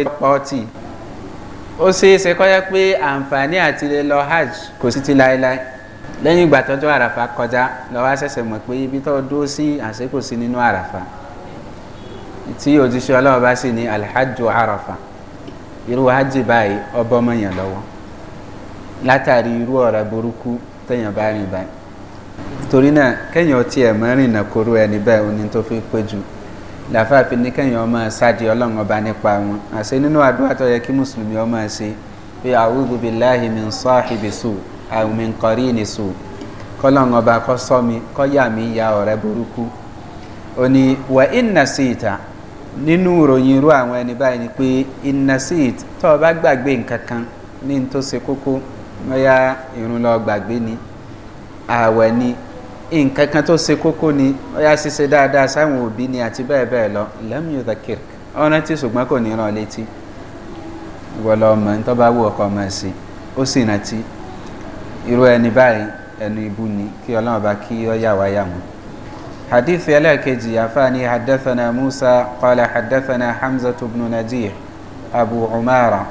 Speaker 1: ó ṣe yẹ pé àǹfààní àti kò sí ti láéláé ìgbà tí òjíṣẹ́ ọlọ́run bá sì ní alhajju arafa irú hajj báyìí ọbọ mọ̀yàn lọ́wọ́ látàrí irú ọ̀rọ̀ burúkú tẹ̀yàn bá rìn báyìí torí náà kẹ́yìn ọtí ẹ̀ mọ́ rìn náà kóró ẹni bẹ́ẹ̀ oní tó fi pé jù làfáàfin ní kẹ́yìn ọmọ sáàdì ọlọ́run ọba nípa wọn àṣẹ nínú àdúrà tó yẹ kí mùsùlùmí ọmọ ṣe pé àwùjọ bíi láàhì mi ń sọ àhìbì sù àwọn ń kọrí ìní sù kọ́lọ́run ọba kọ́ sọ́ kọ́ yà mí ya ọ̀rẹ́ burúkú ó ní wà ìnà sí ìta nínú ìròyìn irú àwọn ẹni báyìí ni pé inasit tó o bá gbàgbé nǹkan kan ní n tó ṣe kókó lọ́yà irun lọ gbàgbé ni ààwẹ̀ ni nǹkan kan tó ṣe kókó ni lọ́yà ṣiṣẹ́ dáadáa sáwọn òbí ni àti bẹ́ẹ̀ bẹ́ẹ̀ lọ lẹ́mìí ọ̀dàkìr ọ̀rẹ́ tí ṣùgbọ́n kò ní ràn létí wọlọ ọmọ tó bá wù ọkọ ọmọ sí ó sì rántí irú ẹni báyìí ẹnu ibú ni kí ọlọ́run bá kí ọ yà wá yà wọ́n. حديث يلاكجي يافاني حدثنا موسى قال حدثنا حمزة بن نجيح أبو عمارة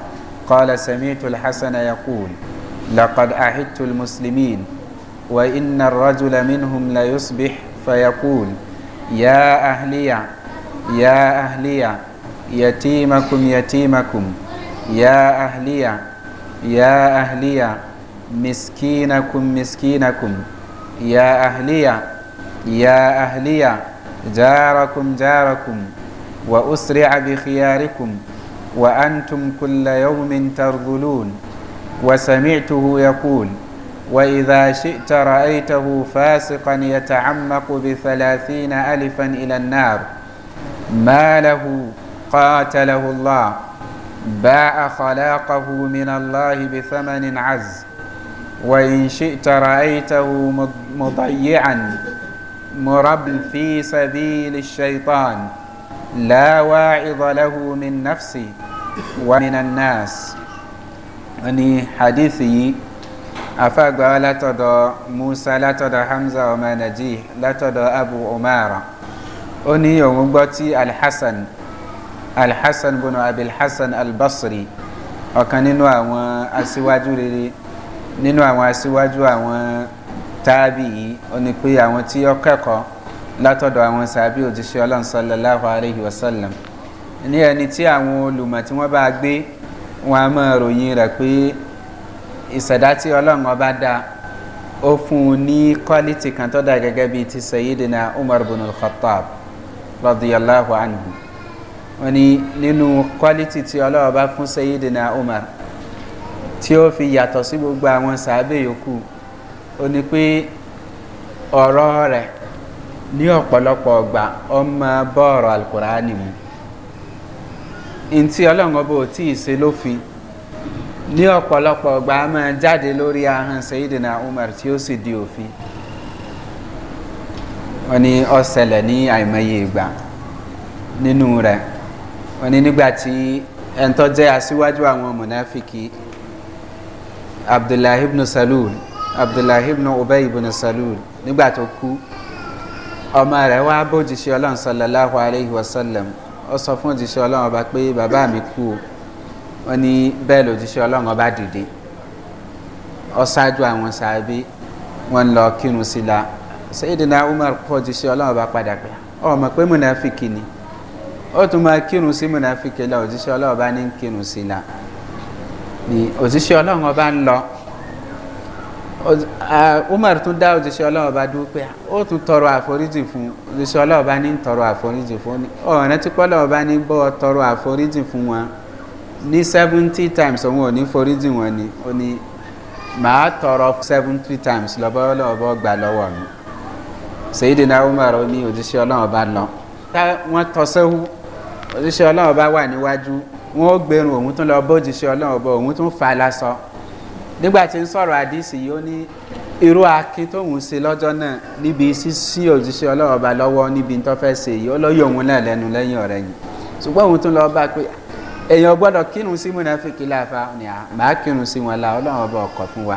Speaker 1: قال سمعت الحسن يقول لقد أعدت المسلمين وإن الرجل منهم ليصبح فيقول يا أهلي يا أهلي يتيمكم يتيمكم يا أهلي يا أهلي مسكينكم مسكينكم يا أهلي يا أهلي جاركم جاركم وأسرع بخياركم وأنتم كل يوم ترذلون وسمعته يقول وإذا شئت رأيته فاسقا يتعمق بثلاثين ألفا إلى النار ما له قاتله الله باع خلاقه من الله بثمن عز وإن شئت رأيته مضيعا مرب في سبيل الشيطان لا واعظ له من نفسي ومن الناس أني حديثي أفاق لا تدا موسى لا تدا حمزة وما نجيه لا تدا أبو عمارة أني يوم الحسن الحسن بن أبي الحسن البصري nínú àwọn aṣíwájú rere nínú àwọn táàbì yìí ó ní pé àwọn tí ó kẹ́kọ̀ọ́ látọ̀dọ̀ àwọn sàbí òjíṣẹ́ ọlọ́run sallallahu alayhi wa sallam ní ẹni tí àwọn olùmọ̀ tí wọ́n bá gbé wọn a máa ròyìn rẹ̀ pé ìṣẹ̀dá tí ọlọ́run ọba dá ó fún un ní kọ́lítì kan tó dà gẹ́gẹ́ bíi ti sayidina umar bin al-khattab radiyallahu anhu wọn ni nínú kọ́lítì tí ọlọ́run ọba fún sayidina umar tí ó fi yàtọ̀ sí gbogbo àwọn sàbẹ̀ yòókù ó ní pé ọ̀rọ̀ rẹ̀ ní ọ̀pọ̀lọpọ̀ ọgbà ọmọ bọ́ọ̀rọ̀ alukurani mu ntí ọlọ́run ò tí ṣe lófin ní ọ̀pọ̀lọpọ̀ ọgbà a jáde lórí ahọ́n umar tí ó sì di òfin wọ́n ní ọ̀sẹ̀lẹ̀ ní àìmọye ìgbà nínú rẹ̀ wọ́n ní nígbà tí ẹ̀ńtọ́ jẹ́ aṣíwájú àwọn abdullahi ibn salul abdullahi ibn ubay ibn salul nígbà tó kú ọmọ rẹ̀ wá bójúṣe ọlọ́run sallallahu alayhi wa sallam ó sọ fún òjíṣẹ́ ọlọ́run ọba pé bàbá mi kú o wọ́n ní bẹ́ẹ̀ lòjíṣẹ́ ọlọ́run ọba dìde ó ṣáájú àwọn sàábí wọ́n lọ kírun sí la Sayyidina Umar kú òjíṣẹ́ ọlọ́run ọba padà pé ọmọ pé múnafíkì ni ó tún máa kírun sí múnafíkì la òjíṣẹ́ ọlọ́run ọba ní kírun sí la ni òjíṣẹ́ ọlọ́run ọba ń lọ umar tún dá òjíṣẹ́ ọlọ́run bá dúró pé ó tún tọrọ àforíjì fún òjíṣẹ́ ọlọ́run bá ní tọrọ àforíjì fún ní ọ̀ràn tí pọ́lọ́run bá ní bọ́ tọrọ àforíjì fún wọn ní seventy times òun ò ní foríjì wọn ni ó ní màá tọrọ seventy times lọ́bọ́lọ́bọ́ gbà lọ́wọ́ mi Sayyidina umar ó ní òjíṣẹ́ ọlọ́run bá lọ. wọ́n tọ́ sẹ́wú òjíṣẹ́ ọlọ́run bá wà níwájú wọ́n ó gbẹrun òun tún lọ bójúṣe ọlọ́run bọ́ òun tún fa lásán nígbà tí ń sọ̀rọ̀ àdìsí yìí ó ní irú akin tóun ṣe lọ́jọ́ náà níbi sísí òjíṣẹ́ ọlọ́run ọba lọ́wọ́ níbi tó fẹ́ ṣe yìí ó lọ́yọ̀ òun náà lẹ́nu lẹ́yìn ọ̀rẹ́ yìí ṣùgbọ́n òun tún lọ bá pé èèyàn gbọ́dọ̀ kírun sí múnafíkì láfa ni à máa kírun sí wọn la ọlọ́run ọba ọkọ̀ fún wa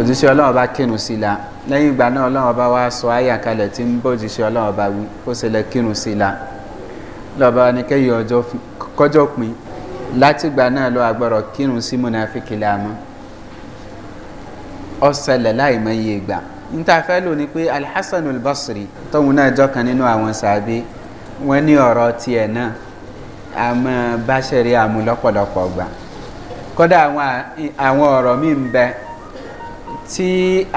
Speaker 1: òjíṣẹ́ ọlọ́run ọba kírun sí la lẹ́yìn ìgbà náà ọlọ́run ọba wa sọ ayà kalẹ̀ tí ń bójíṣẹ́ ọlọ́run ọba wí ó ṣe lẹ kírun sí la lọ́ba ni kẹ́yìn ọjọ́ kọjọ́ pin látìgbà náà lọ agbọ́dọ̀ kírun sí múnafíkì láàmú ọ̀sẹ̀lẹ̀ láìmọye ìgbà níta fẹ́ lò ní pé alhassan albasri tóun náà jọkan nínú àwọn sàbí wọn ní ọ̀rọ̀ tiẹ̀ náà àmọ́ báṣẹ̀rí àmú lọ́pọ̀lọpọ̀ gbà kódà àwọn ọ̀rọ̀ míì ń bẹ tí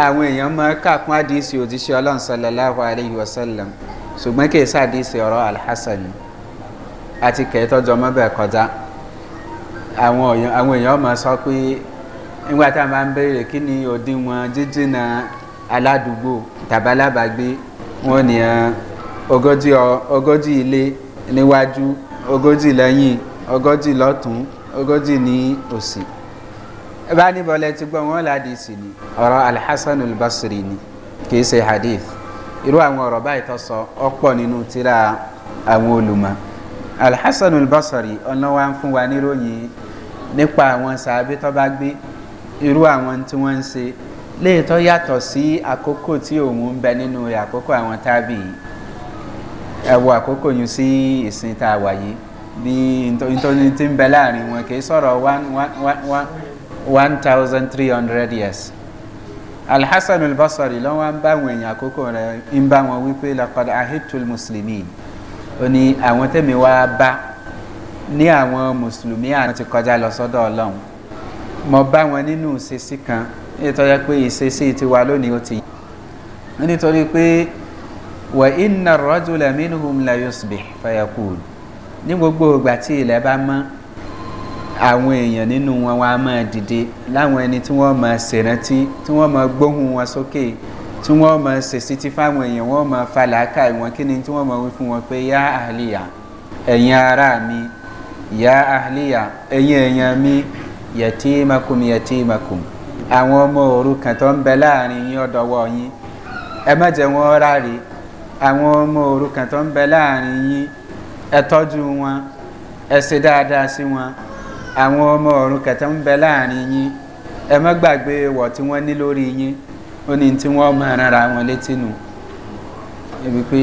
Speaker 1: àwọn èèyàn máa kàkún àdìsí òjíṣẹ́ ọlọ́run sọlọ́láhùn aláìhí wasallam ṣùgbọ́n kì í sàdìsí ọ̀rọ̀ alhassan àti kẹ́tọ́jọ́ mọ́bẹ̀ kọjá àwọn èèyàn máa sọ pé nígbà tá a máa ń béèrè kí ni òdiwọ̀n jíjìnà aládùúgbò tàbálábàgbé wọn ní ogójì ogójì ilé níwájú ogójì lẹ́yìn ogójì lọ́tún ogójì ní òsì bá a níbọ̀ lẹ́tí gbọ́ wọn láti sì ni ọ̀rọ̀ alhassan albasiri ni kì í ṣe hadith irú àwọn ọ̀rọ̀ báyìí tó sọ ọ̀pọ̀ nínú tíra àwọn olùmọ̀ alhassan albasiri ọ̀nà wa ń fún wa níròyìn nípa àwọn sàábé tó bá gbé irú àwọn tí wọ́n ń ṣe léètọ́ yàtọ̀ sí àkókò tí òun ń bẹ nínú àkókò àwọn tábì ẹ̀wọ àkókò yìí sí ìsìn tá a wà yìí bí nítorí tí ń bẹ láàrin wọn kì í sọ̀rọ̀ one thousand three hundred years alhassan albasari lọ́wọ́ ń bá àwọn èèyàn àkókò rẹ̀ ń bá wọn wípé lakọ̀dà ahitul muslimi ó ní àwọn tẹ̀mí wá bá ní àwọn mùsùlùmí àwọn ti kọjá lọ sọ́dọ̀ ọlọ́run mo bá wọn nínú ìṣesí kan nítorí pé ìṣesí ti wà lónìí ó ti yí nítorí pé wà iná rọ́júlẹ̀ mínúhùn layosbẹ̀ fayakul ní gbogbo ìgbà tí ilẹ̀ bá mọ́ àwọn èèyàn nínú wọn wọn a máa dìde láwọn ẹni tí wọ́n máa ṣèrántí tí wọ́n máa gbóhùn wọn sókè tí wọ́n máa ṣèṣì ti fáwọn èèyàn wọ́n máa falàákà ìwọ̀n kí tí wọ́n máa wí fún wọn pé yá àhàlìyà ẹ̀yin ara mi yá àhàlìyà ẹ̀yin èèyàn mi yẹtìmakum yẹtìmakum àwọn ọmọ òrukàn tó ń bẹ láàrin yín ọdọwọ yín ẹ má jẹ wọn ráre àwọn ọmọ òrukàn tó ń bẹ láàrin yín ẹ tọ́jú wọn ẹ ṣe dáadáa sí wọn àwọn ọmọ òrukàn tó ń bẹ láàrin yín ẹ má gbàgbé wọ̀ tí wọ́n ní lórí yín ó ní tí wọ́n máa rárá wọn létí nù wípé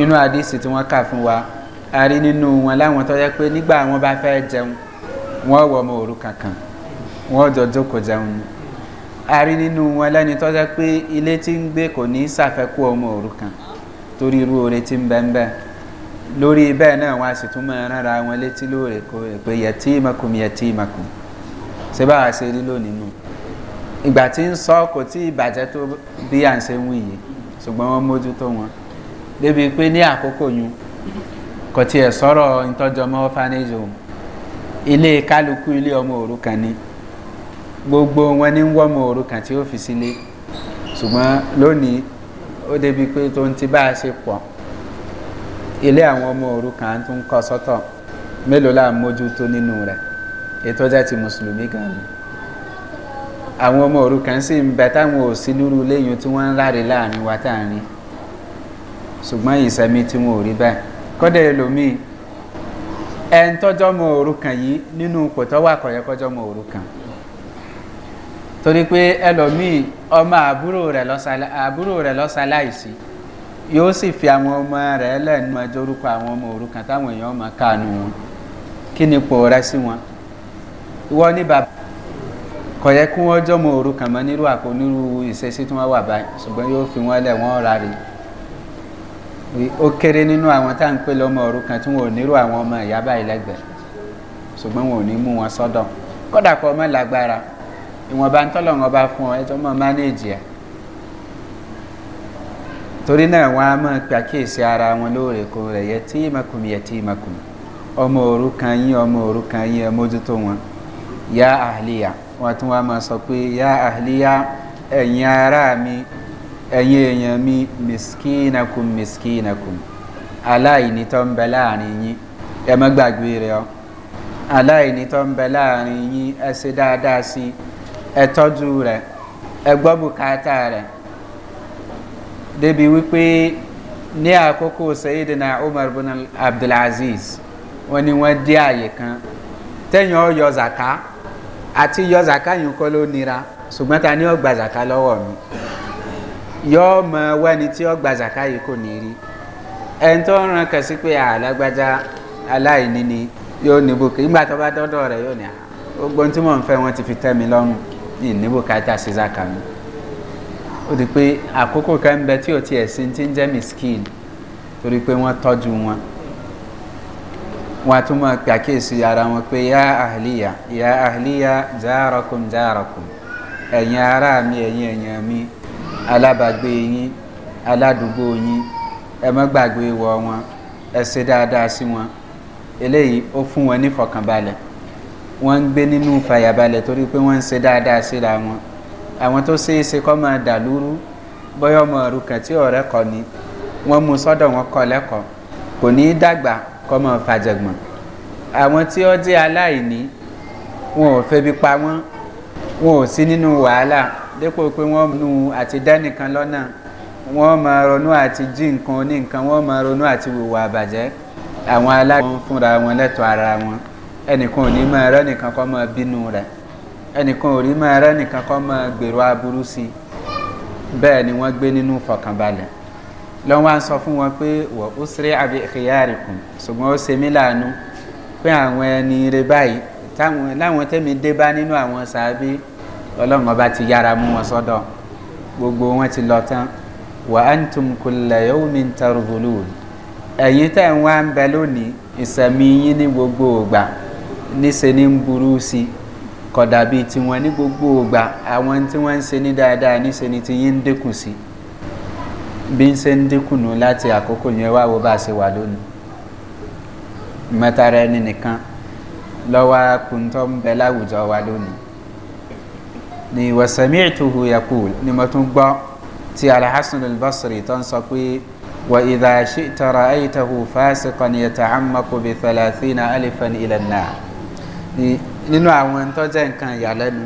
Speaker 1: inú àdìsí tí wọ́n kà fún wa a rí nínú wọn láwọn tó yẹ pé nígbà wọn bá fẹ́ jẹun wọ́n wọ ọmọ òrukàn kan wọ́n jọ jókòó jẹun a nínú wọn lẹ́ni tó jẹ́ pé ilé tí ń gbé kò ní sàfẹ́kù ọmọ òrukàn torí irú oore tí ń bẹ́ẹ̀ bẹ́ẹ̀ lórí bẹ́ẹ̀ náà wọ́n a sì tún máa rárá wọn létí lóòrèkóòrè pé yẹtí ìmọ̀kùn yẹtí ìmọ̀kùn ṣé báwa ṣe rí lónìí nù ìgbà tí ń sọ kò tí ìbàjẹ́ tó bí à ń ṣe ń ilé kálukú ilé ọmọ òrukàn ni gbogbo wọn ní wọ́n ọmọ òrukàn tí ó fi sílé ṣùgbọ́n lónìí ó débi pé tó ń ti bá a ṣe pọ̀ ilé àwọn ọmọ òrukàn tó ń kọ́ sọ́tọ̀ mélòó la mójútó nínú rẹ̀ ètò ọjà ti mùsùlùmí gan ni àwọn ọmọ òrukàn sì ń bẹ táwọn ò sí lúrú léyìn tí wọ́n ń láre láàrin wa táàrin ṣùgbọ́n ìsẹ̀mí tí wọn ò rí bẹ́ẹ̀ kọ́dẹ̀ ẹlòmíì ẹn tọ́jọ́ mọ òrukàn yìí nínú kòtọ́ wà kọ̀yẹ́ kọjọ́ mọ òrukàn torí pé ẹlòmíì ọmọ àbúrò rẹ̀ lọ́sàláìsí yóò sì fi àwọn ọmọ rẹ̀ lẹ́nu ẹjọ́ orúkọ àwọn ọmọ òrukàn táwọn èèyàn máa káànú wọn kí ni ipò rẹ sí wọn wọ́n ní bàbá kọ̀yẹ́ kí wọ́n jọ́ mọ òrukàn mọ́ nírú àpò nírú ìṣesí tí wọ́n wà báyìí ṣùgbọ́n yóò fi wọ́n lẹ̀ wọ́n rárí ó kéré nínú àwọn tá à ń pè lọ́mọ kan tí wọn ò nírò àwọn ọmọ ìyá báyìí lẹ́gbẹ̀ẹ́ ṣùgbọ́n wọn ò ní mú wọn sọ́dọ̀ kódà kọ́ ọmọ lágbára wọn bá fún ọ ẹ tó mánéèjì torí náà wọn á pàkíyèsí ara wọn lóòrèkóòrè yẹ tí ìmọ̀kùnmí yẹ tí ìmọ̀kùnmí ọmọ kan yín ọmọ òrukàn yín ẹ wọn yá àhìlíyà wọn tún wá máa sọ ẹ̀yin èèyàn mi miskinakum miskinakum aláìní tó ń bẹ láàrin yín ẹ má gbàgbé rẹ ọ aláìní tó ń bẹ láàrin yín ẹ ṣe dáadáa sí ẹ tọ́jú rẹ ẹ gbọ́ bùkátà rẹ débi wípé ní àkókò sayidina umar bin abdulaziz wọn ni wọn dé àyè kan tẹ̀yìn ọ zaka àti yọ zaka yìí kọ́ ló nira ṣùgbọ́n ta ni ó zaka lọ́wọ́ mi yọ mọ wẹni tí ó gba zaka yìí kò ní rí ẹni tó ń ran kẹsí pé àlágbájá aláìní ni yóò ní bùkún nígbà tó bá dọ́dọ̀ rẹ̀ yóò ní à gbogbo tí mò ń fẹ́ wọn ti fi tẹ́ mi lọ́rùn ní ìníbò kájà sí zaka mi ó di pé àkókò kan ń bẹ tí ò tiẹ̀ sí ti ń jẹ́ miskin torí pé wọ́n tọ́jú wọn wọn a tún mọ̀ pàkíyèsí ara wọn pé yá àhìlíyà yá àhìlíyà jáàrọ̀kùn jáàrọ̀kùn ẹ̀yin ara mi ẹ̀yin ẹ̀yin mi alábàgbé yín aládùúgbò yín ẹ má gbàgbé wọ wọn ẹ ṣe dáadáa sí wọn eléyìí ó fún wọn nífọ̀kànbalẹ̀ wọ́n ń gbé nínú fàyàbalẹ̀ torí pé wọ́n ń ṣe dáadáa síra wọn àwọn tó ṣe é ṣe kọ́ máa dà lúrú bọ́yọ̀ ọmọ òrukàn tí ọ̀rẹ́ kọ ni wọ́n mú sọ́dọ̀ wọn kọ lẹ́kọ̀ọ́ kò ní í dàgbà kọ́ máa fàjẹ̀gbọ̀n àwọn tí ó jẹ́ aláìní wọn ò febi pa wọ́n wọn ò sí nínú wàhálà dépò pé wọ́n nu àti dánìkan lọ́nà wọ́n máa ronú àti jí nǹkan ní nǹkan wọ́n máa ronú àti wùwà àbàjẹ́ àwọn aláìsàn fúnra wọn lẹ́tọ̀ọ́ ara wọn ẹnìkan ò ní máa rẹ́ nìkan kọ́ máa bínú rẹ̀ ẹnìkan ò rí máa rẹ́ nìkan kọ́ máa gbèrò aburú sí i bẹ́ẹ̀ ni wọ́n gbé nínú fọkànbalẹ̀ lọ́wọ́ à ń sọ fún wọn pé wọ́n ó sẹ́rẹ́ àbí ìkìyàrí kù ṣùgbọ́n ó ṣe mí láàánú pé àwọn ẹni rẹ báyìí láwọn tẹ́mi dé bá nínú àwọn sàábí ọlọ́run ọba ti yára mú wọn sọ́dọ̀ gbogbo wọn ti lọ tán wà á ń tún kulẹ̀ yóò mi ń tarò bòlù ẹ̀yin tẹ̀ ń wá ń bẹ lónìí ìsẹ̀mí yín ní gbogbo ògbà níṣe ní ń burú sí kọ̀dà bíi tiwọn ní gbogbo ògbà àwọn tí wọ́n ń ṣe ní dáadáa níṣe ni ti yín ń dínkù sí bí ń ṣe ń dínkù nù láti àkókò yẹn wá wo bá a ṣe wà lónìí mẹ́tara ẹni nìkan lọ́wọ́ akuntọ́ ń bẹ láwùjọ wa lónìí ni wasami'tuhu yakul ni mo tún gbọ́ ti alhassan albasri tó ń sọ pé wa idha shi'ta ra'aytahu fasiqan yata'ammaqu bi thalathina alifan ila an-nar ni nínú àwọn tó jẹ́ nǹkan ìyàlẹ́nu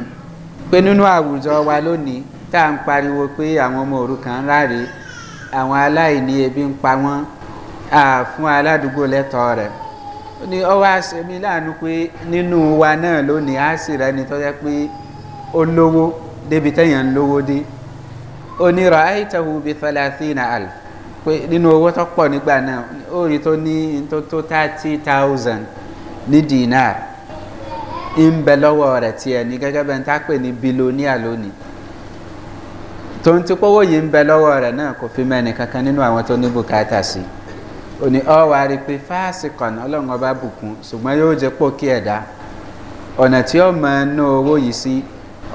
Speaker 1: pé nínú àwùjọ wa lónìí tá à ń pariwo pé àwọn ọmọ òrukàn ń ráre àwọn aláìní ebi ń pa wọ́n fún aládùúgbò lẹ́tọ̀ọ́ rẹ̀ ni ó wá ṣe mí láàánú pé nínú wa náà lónìí á sì rẹ́ni tó jẹ́ pé olówó débi tẹ́yàn ń lówó dé onírọ̀ àìtẹ̀wò bíi thalathina al pé nínú owó tó pọ̀ nígbà náà ó rí tó ní tó tó thirty thousand ní dinar ń bẹ lọ́wọ́ rẹ̀ tiẹ̀ ní gẹ́gẹ́ bẹ́ẹ̀ tá a pè ní bilonia lónìí tó ń ti pọ́wọ́ yìí ń bẹ lọ́wọ́ rẹ̀ náà kò fi mẹ́ni kankan nínú àwọn tó ní bùkátà sí ò ní ọ wá rí pé fáàsì kan ọlọ́run ọba bùkún ṣùgbọ́n yóò jẹ́ pò kí ẹ̀dá ọ̀nà tí ó máa ń ná owó yìí sí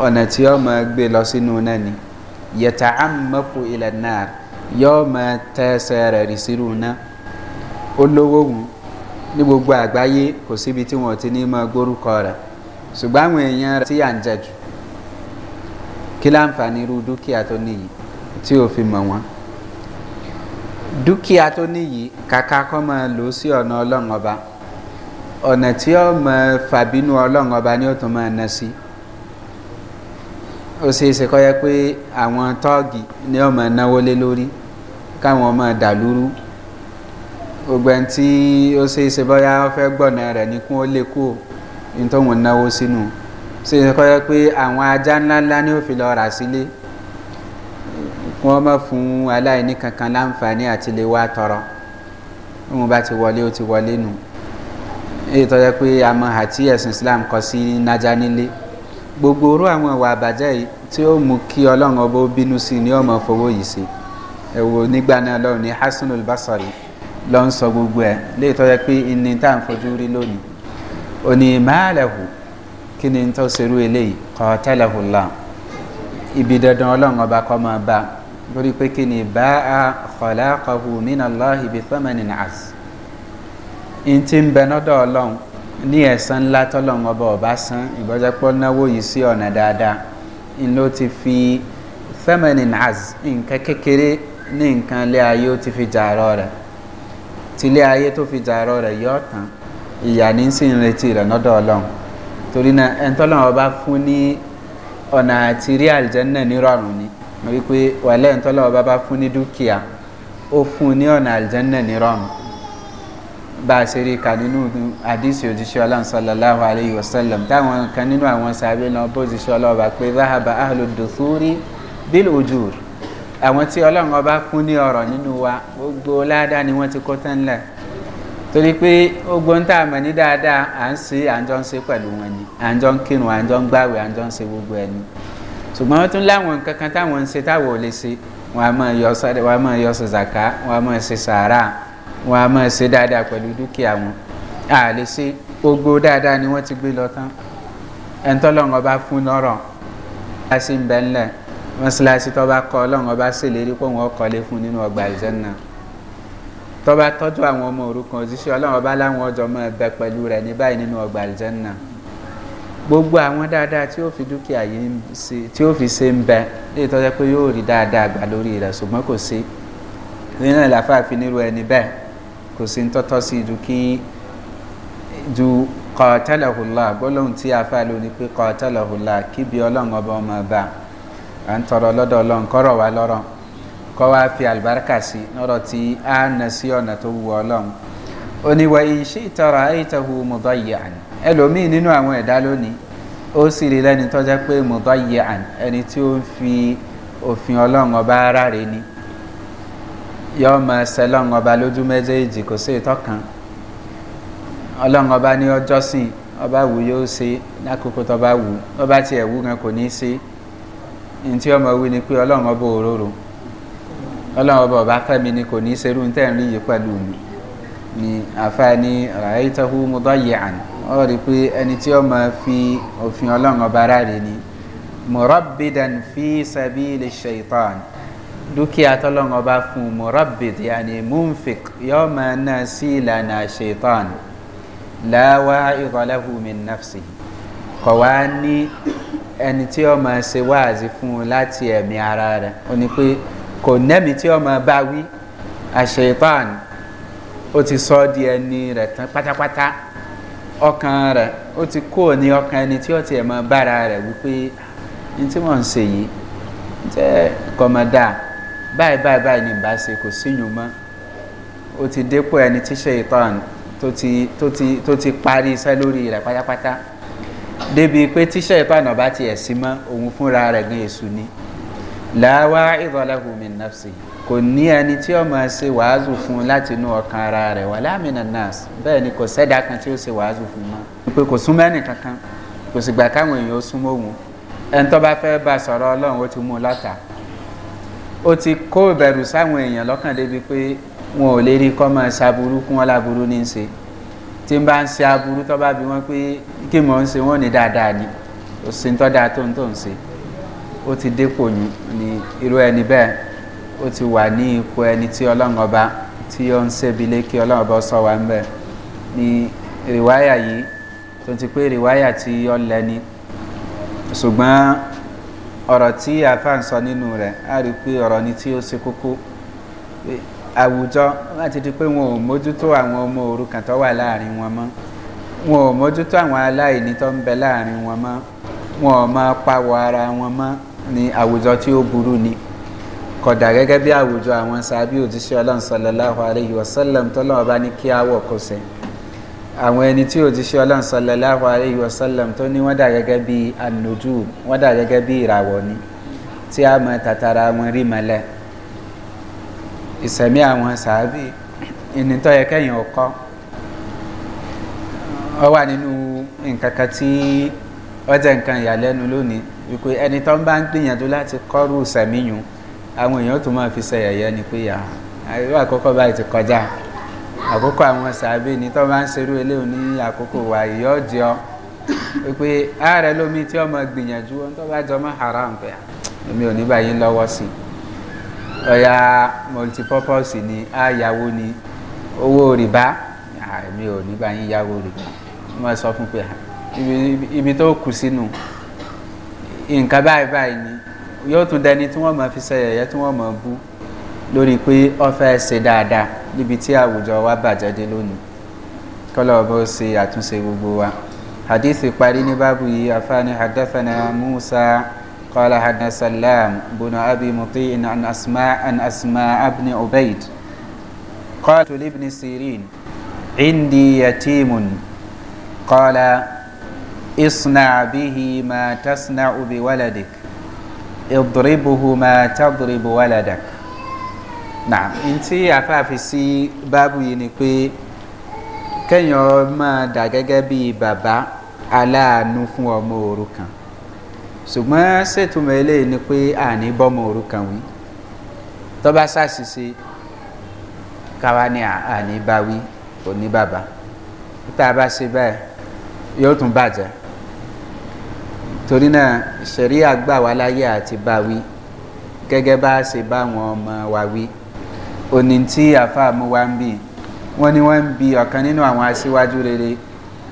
Speaker 1: ọ̀nà tí yọ́ máa gbé lọ sínú náà ni yẹ̀tà àmọ́kù ilẹ̀ náà yọ́ máa tẹ́sẹ̀ rẹ̀ rí sírù náà ó lówó wù ní gbogbo àgbáyé kò síbi tí wọ́n ti ní máa gbórúkọ rẹ̀ ṣùgbọ́n àwọn èèyàn rẹ̀ tí yà ń jẹ jù kí láǹfààní irú dúkìá tó níyì tí ò fi mọ̀ wọ́n dúkìá tó níyì kàkà kọ́ máa lò sí ọ̀nà ọlọ́run ọba ọ̀nà tí ó máa fàbínú ọlọ́run ọba ni ó tún máa ná sí. Si ó ṣeé ṣe kọ́ yẹ pé àwọn tọ́ọ̀gì ni wọ́n máa náwó lé lórí káwọn máa dà lúrú gbogbo ẹni tí ó ṣe é ṣe bọ́yá ó fẹ́ gbọ̀nà rẹ̀ ní kún ó lè kú ní tó ń náwó sínú ṣe é kọ́ yẹ pé àwọn ajá ńláńlá ni ó fi lọ rà sílé kí wọ́n má fún aláìní kankan láǹfààní àti lè wá tọrọ wọn bá ti wọlé ó ti wọlé nù èyí tó yẹ pé àmọ́ àti ẹ̀sìn Islam kọ sí nájà nílé gbogbo orú àwọn ìwà àbàjẹ́ yìí tí ó mú kí ọlọ́run ọba ó bínú sí ni ọmọ fowó yìí sí ẹ̀wò nígbà náà lọ́run ní hasan olùbásọ̀rì lọ́ ń sọ gbogbo ẹ̀ léè tọ́jà pé ní tá à ń fojú rí lónìí òní máàlẹ̀hù kí ni tó ṣerú eléyìí kọ́ tẹ́lẹ̀hù là ibi dandan ọlọ́run ọba kọ́ máa bá lórí pé kí ni bá a kọ̀lá kọ̀hù mí ní ẹ̀san ńlá tọ́lọ́n ọba ọba san ìgbọ́jẹ́pọ̀ náwó yìí sí ọ̀nà dáadáa ń ló ti fi feminine as nǹkan kékeré ní nǹkan ilé ayé ó ti fi jàrọ̀ rẹ̀ tilé ayé tó fi jàrọ̀ rẹ̀ yọ tán ìyá ní sì ń retí rẹ̀ lọ́dọ̀ ọlọ́run torí náà ẹni tọ́lọ́n ọba fún ní ọ̀nà àti rí àlìjẹ́nà nírọ̀rùn ni wípé wàlẹ́ ẹni tọ́lọ́n ọba bá fún ní dúkìá ó fún ní ọ̀nà àlìjẹ́nà nírọ̀rùn bá a ṣe rí ka nínú àdísì òjíṣẹ́ ọlọ́run sallallahu alayhi wa sallam táwọn kan nínú àwọn sàbẹ̀ náà bó òjíṣẹ́ ọlọ́run bá pé záhàbà ahlu duthuri bil ujur àwọn tí ọlọ́run ọba kún ní ọ̀rọ̀ nínú wa gbogbo ládàá ni wọ́n ti kó tán lẹ̀ torí pé gbogbo ń tà mọ̀ ní dáadáa à ń ṣe à ń jọ ń ṣe pẹ̀lú wọn ni à ń jọ ń kírun à ń jọ ń gbàwẹ̀ à ń jọ ń ṣe gbogbo ẹ̀ ni ṣùgbọ́n wọ́n tún láwọn nǹkan kan táwọn ń ṣe táwọn ò lè ṣe wọn a máa yọ sàká wọn a máa ṣe sàárà wọn a máa ṣe dáadáa pẹ̀lú dúkìá wọn a lè ṣe gbogbo dáadáa ni wọ́n ti gbé lọ tán ẹ̀ńtọ́lọ́ngọ́ bá fún lọ́rọ̀ a sì ń bẹ́ ńlẹ̀ mọ́sálásí tó bá kọ́ ọlọ́run ọba ṣèlérí pé wọ́n kọ́lé fún nínú ọgbà ìjẹ́nà tó bá tọ́jú àwọn ọmọ òrukàn òjíṣẹ́ ọlọ́run ọba láwọn ọjọ́ mọ́ ẹgbẹ́ pẹ̀lú rẹ̀ ní báyìí nínú ọgbà ìjẹ́nà gbogbo àwọn dáadáa tí ó fi dúkìá yìí tí ó fi ṣe ń bẹ lè tọ́jú pé yóò rí dáadáa gbà lórí rẹ̀ ṣùgbọ́n kò sí nínú ìlàfáà fi ẹni bẹ́ẹ̀ kò sí tọ́tọ́ sí ju kí ju kọ́ọ̀tẹ́lẹ̀hùlá gbólóhùn tí a fà lónìí pé kọ́ọ̀tẹ́lẹ̀hùlá kí bí ọlọ́run ọba ọmọ ọba à ń tọrọ lọ́dọ̀ ọlọ́run kọ́rọ̀ wá lọ́rọ̀ kọ́ wá fi àlùbáríkà sí lọ́rọ̀ tí a nà sí ọ̀nà tó wù ọlọ́run oníwà iṣẹ́ ìtọ́ra ayétahu mudayyan ẹlòmíì nínú àwọn ẹ̀dá lónìí ó sì rí lẹ́ni tọ́já pé mudayyan ẹni tí ó ń fi òfin ọlọ́run ọba ara rẹ̀ ni yọ máa ṣe lọ́run ọba lójú méjèèjì kò sí ìtọ́kan ọlọ́run ọba ní ọjọ́ sìn ọba wù yóò ṣe lákòókò tó bá wù ọba tiẹ̀ wù gan kò ní í ṣe ní tí ọmọ wí ni pé ọlọ́run ọba òróró ọlọ́run ọba ọba fẹ́mi ni kò ní í ṣerú ní tẹ́ẹ̀rí yìí pẹ̀lú mi ni àfààní ràìtọ́hù mọ́tọ́yì àn ọ rí i pé ẹni tí ọmọ fi òfin ọlọ́run ọba ni mọ̀rọ́bìdàn fi sàbí lè ṣe ìtọ́ àná dúkìá tọ́lọ́run ọba fún murabit yani munfik yóò máa ná sí ìlànà shaitan láwá ìrọ̀lẹ́hù min nafsi kọ̀ wá ní ẹni tí ó máa ṣe wáàzí fún un láti ẹ̀mí ara rẹ̀ ó ní pé kò nẹ́mi tí ó máa bá wí àṣetán ó ti sọ di ẹni rẹ̀ tán pátápátá ọkàn rẹ̀ ó ti kó ní ọkàn ẹni tí ó tiẹ̀ máa bára rẹ̀ wípé ah, ní tí wọ́n ń ṣe yìí jẹ́ kọ́mọdáà báyìí báyìí báyìí ní ìbá ṣe kò sí yùn mọ́ ó ti dépò ẹni tíṣe ìtàn tó ti tó ti tó ti parí iṣẹ́ lórí rẹ̀ pátápátá débi pé tíṣe ìtàn ọ̀bá ti ẹ̀sìn mọ́ òun fúnra rẹ̀ gan èṣù ni làwa ìdọ̀lẹ́hùn mi nàfṣì kò ní ẹni tí ó ṣe wàázù fún láti inú ọkàn ara rẹ̀ wà láàmìnà nurse bẹ́ẹ̀ ni kò sẹ́dá kan tí ó ṣe wàázù fún mọ́ pé kò súnmọ́ ẹnì kankan kò sì gbà káwọn èèyàn ó súnmọ́ òun ẹni tó bá fẹ́ bá sọ̀rọ̀ ọlọ́run ó ti mú un lọ́tàá ó ti kó ìbẹ̀rù sáwọn èèyàn lọ́kàn débi pé wọn ò lè rí kọ́ máa ṣaburú kún wọn láburú ní í ṣe tí n bá ń ṣe aburú tó bá bí wọn pé kí mò ń ṣe wọn ní dáadáa ni ó sì ń tọ́ da tó ń tó ń ṣe ó ti dépò ní irú ẹni bẹ́ẹ̀ ó ti wà ní ipò ẹni tí ọlọ́run ọba tí ó ń ṣẹ́bi lé kí ọlọ́run ọba sọ wá ń bẹ̀ ní rìwáyà yìí tó ti pé rìwáyà tí ó lẹ́ni ṣùgbọ́n ọ̀rọ̀ tí àfa ń sọ nínú rẹ̀ á rí pé ọ̀rọ̀ ni tí ó ṣe kókó àwùjọ láti di pé wọn ò mójútó àwọn ọmọ òrukàn tó wà láàrin wọn mọ́ wọn ò mójútó àwọn aláìní tó ń bẹ láàrin wọn mọ́ wọn ò máa pawọ́ ara wọn mọ́ ní àwùjọ tí ó burú ni kódà gẹ́gẹ́ bí àwùjọ àwọn sábí òjíṣẹ́ ọlọ́run sallallahu alayhi wa sallam tọ́lọ́wọ́ bá ní kí á wọ̀ kó sẹ́yìn àwọn ẹni tí ò ti ṣe ọlọ́run sallallahu alayhi wa sallam tó ní wọ́n dà gẹ́gẹ́ bí ànójú wọ́n dà gẹ́gẹ́ bí ìràwọ̀ ni tí a mọ tàtàrà wọn rí mọ́lẹ̀ ìsẹ̀mí àwọn sàábì ìnìtọ́ yẹ kẹ́yìn ọkọ́ ọ wà nínú nǹkan kan tí ọ jẹ́ nǹkan ìyàlẹ́nu lónìí wípé ẹni tó ń bá ń gbìyànjú láti kọ́rù ìsẹ̀mí àwọn èèyàn tó máa fi ṣe ẹ̀yẹ ni pé àwọn àkọ́kọ́ báyìí ti kọjá àkókò àwọn sàbẹ̀ ni tó bá ń serú eléyìí ní àkókò wa ìyọ́ jẹ́ ọ pé ààrẹ lómi tí ọmọ gbìyànjú ohun tó bá jọ mọ́ haram pé èmi ò ní báyìí lọ́wọ́ sí i ọ̀yà multipurpose ni àyàwó ni owó rìbá èmi ò ní báyìí yàwó rìbá wọ́n sọ fún pé ibi tó kù sínú nǹkan báyìí báyìí ni yóò tún dẹni tí wọ́n mọ̀ fi ṣe yẹ̀yẹ́ tí wọ́n mọ̀ bú lórí pé ọ fẹ́ ṣe dáadáa níbi tí àwùjọ wa bàjẹ́ dé lónìí kọ́lọ́ọ̀bọ ṣe àtúnṣe gbogbo wa hadith parí ní báàbù yìí afáàní hadathana musa قال حدثنا سلام بن أبي مطيع عن أسماء عن أسماء بن عبيد قالت لابن سيرين عندي يتيم قال اصنع به ما تصنع بولدك اضربه ما تضرب ولدك náà ntí àfáàfin sí báàbù yìí ni pé kéèyàn máa dà gẹ́gẹ́ bíi bàbá aláàánú fún ọmọ òrukàn ṣùgbọ́n ṣètùmọ̀ eléyìí ni pé àní bọ́mọ òrukàn wí tọ́ba ṣàṣìṣe káwa ni àní bá wí kò ní bàbá tá a bá ṣe báyìí yóò tún bàjẹ́ torí náà ṣẹ̀rí àgbà wa láyé àti bá wí gẹ́gẹ́ bá ṣe bá àwọn ọmọ wa wí òní tí àfáà mú wá ń bì wọ́n ní wọ́n bi ọ̀kan nínú àwọn aṣíwájú rere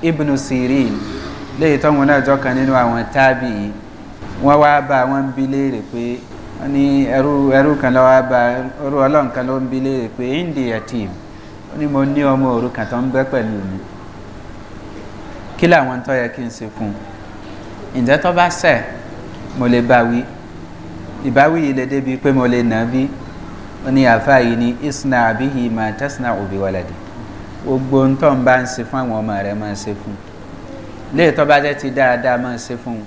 Speaker 1: ibnu sirin léyìí tọ́wọ́n náà jọ́kan nínú àwọn tábì yìí wọ́n wá bá wọ́n ń bi léèrè pé wọ́n ní ẹrú ẹrú kan lọ́wọ́ bá ẹrú ọlọ́run kan ló ń bi léèrè pé indi yatim ó ní mo ní ọmọ òru kan tó ń bẹ́ pẹ̀lú mi kí làwọn tó yẹ kí n ṣe fún un ǹjẹ́ tó bá ṣẹ̀ mo lè bá wí ìbáwí yìí lè débi pé mo lè nà á bí ó ní àfáà ni isna abihi ma tasna obi waladi gbogbo ń bá ń se fún àwọn ọmọ rẹ̀ máa se fún léètọ́ bá jẹ́ ti dáadáa máa se fún un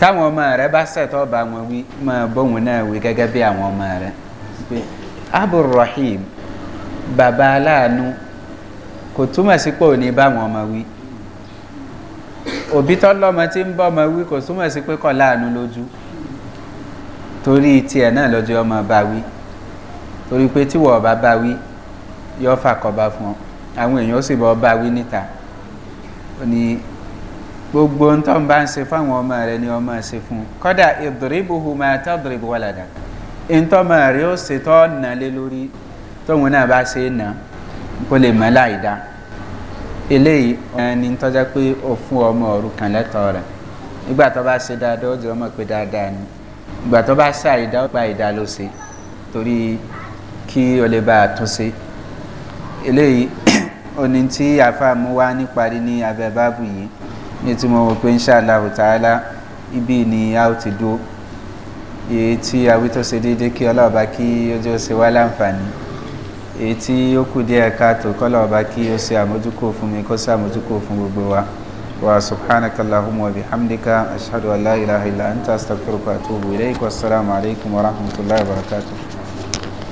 Speaker 1: táwọn ọmọ rẹ̀ bá sẹ̀tọ́ bá wọn wí máa bóun náà wí gẹ́gẹ́ bí àwọn ọmọ rẹ̀ pé abdulrahim bàbá aláàánú kò túmọ̀ sí pé òní báwọn ọmọ wí òbí tí ń bọ́ ọmọ wí kò túmọ̀ sí pé kọ́ láàánú lójú torí tiẹ̀ náà lọ́jọ́ ọmọ torí pé tí wọ́n bá bá wí yọ fàkọ́bá fún ọ àwọn èèyàn sì bọ́ bá wí níta ni gbogbo ń tọ́ ń bá ń se fáwọn ọmọ rẹ ni ọmọ se fún kọ́dà ìdìríbùhù máa tọ́ ìdìríbù wà ládàá ìtọ́mọ rẹ ó se tọ́ nà lé lórí tóun náà bá se nà kó lè mọ́ láì dá eléyìí ẹni tọ́já pé ó fún ọmọ ọ̀rù kan lẹ́tọ̀ọ́ rẹ̀ nígbà tó bá se dáadáa ó jẹ́ ọmọ pé dáadáa ni ìgbà tó bá sàìdá ó gba ìdá ló se torí kí o lè bá a tún sí eléyìí oní tí àfàmú wá níparí ní abẹ́ báàbù yìí ní tí mo wọ́n ń ṣàlàwò tààlà ibi ni a ó ti dúró èyí tí awí tó ṣe déédéé kí ọlọ́ọ̀bá kí ojú ó ṣe wá láǹfààní èyí tí ó kù díẹ̀ káàtó kọ́lọ́ọ̀bá kí ó ṣe àmójúkò fún mi kó ṣe àmójúkò fún gbogbo wa wa subhanaka allahumma wa bihamdika ashhadu an la ilaha illa anta astaghfiruka wa atubu ilayk wassalamu alaykum wa rahmatullahi wa barakatuh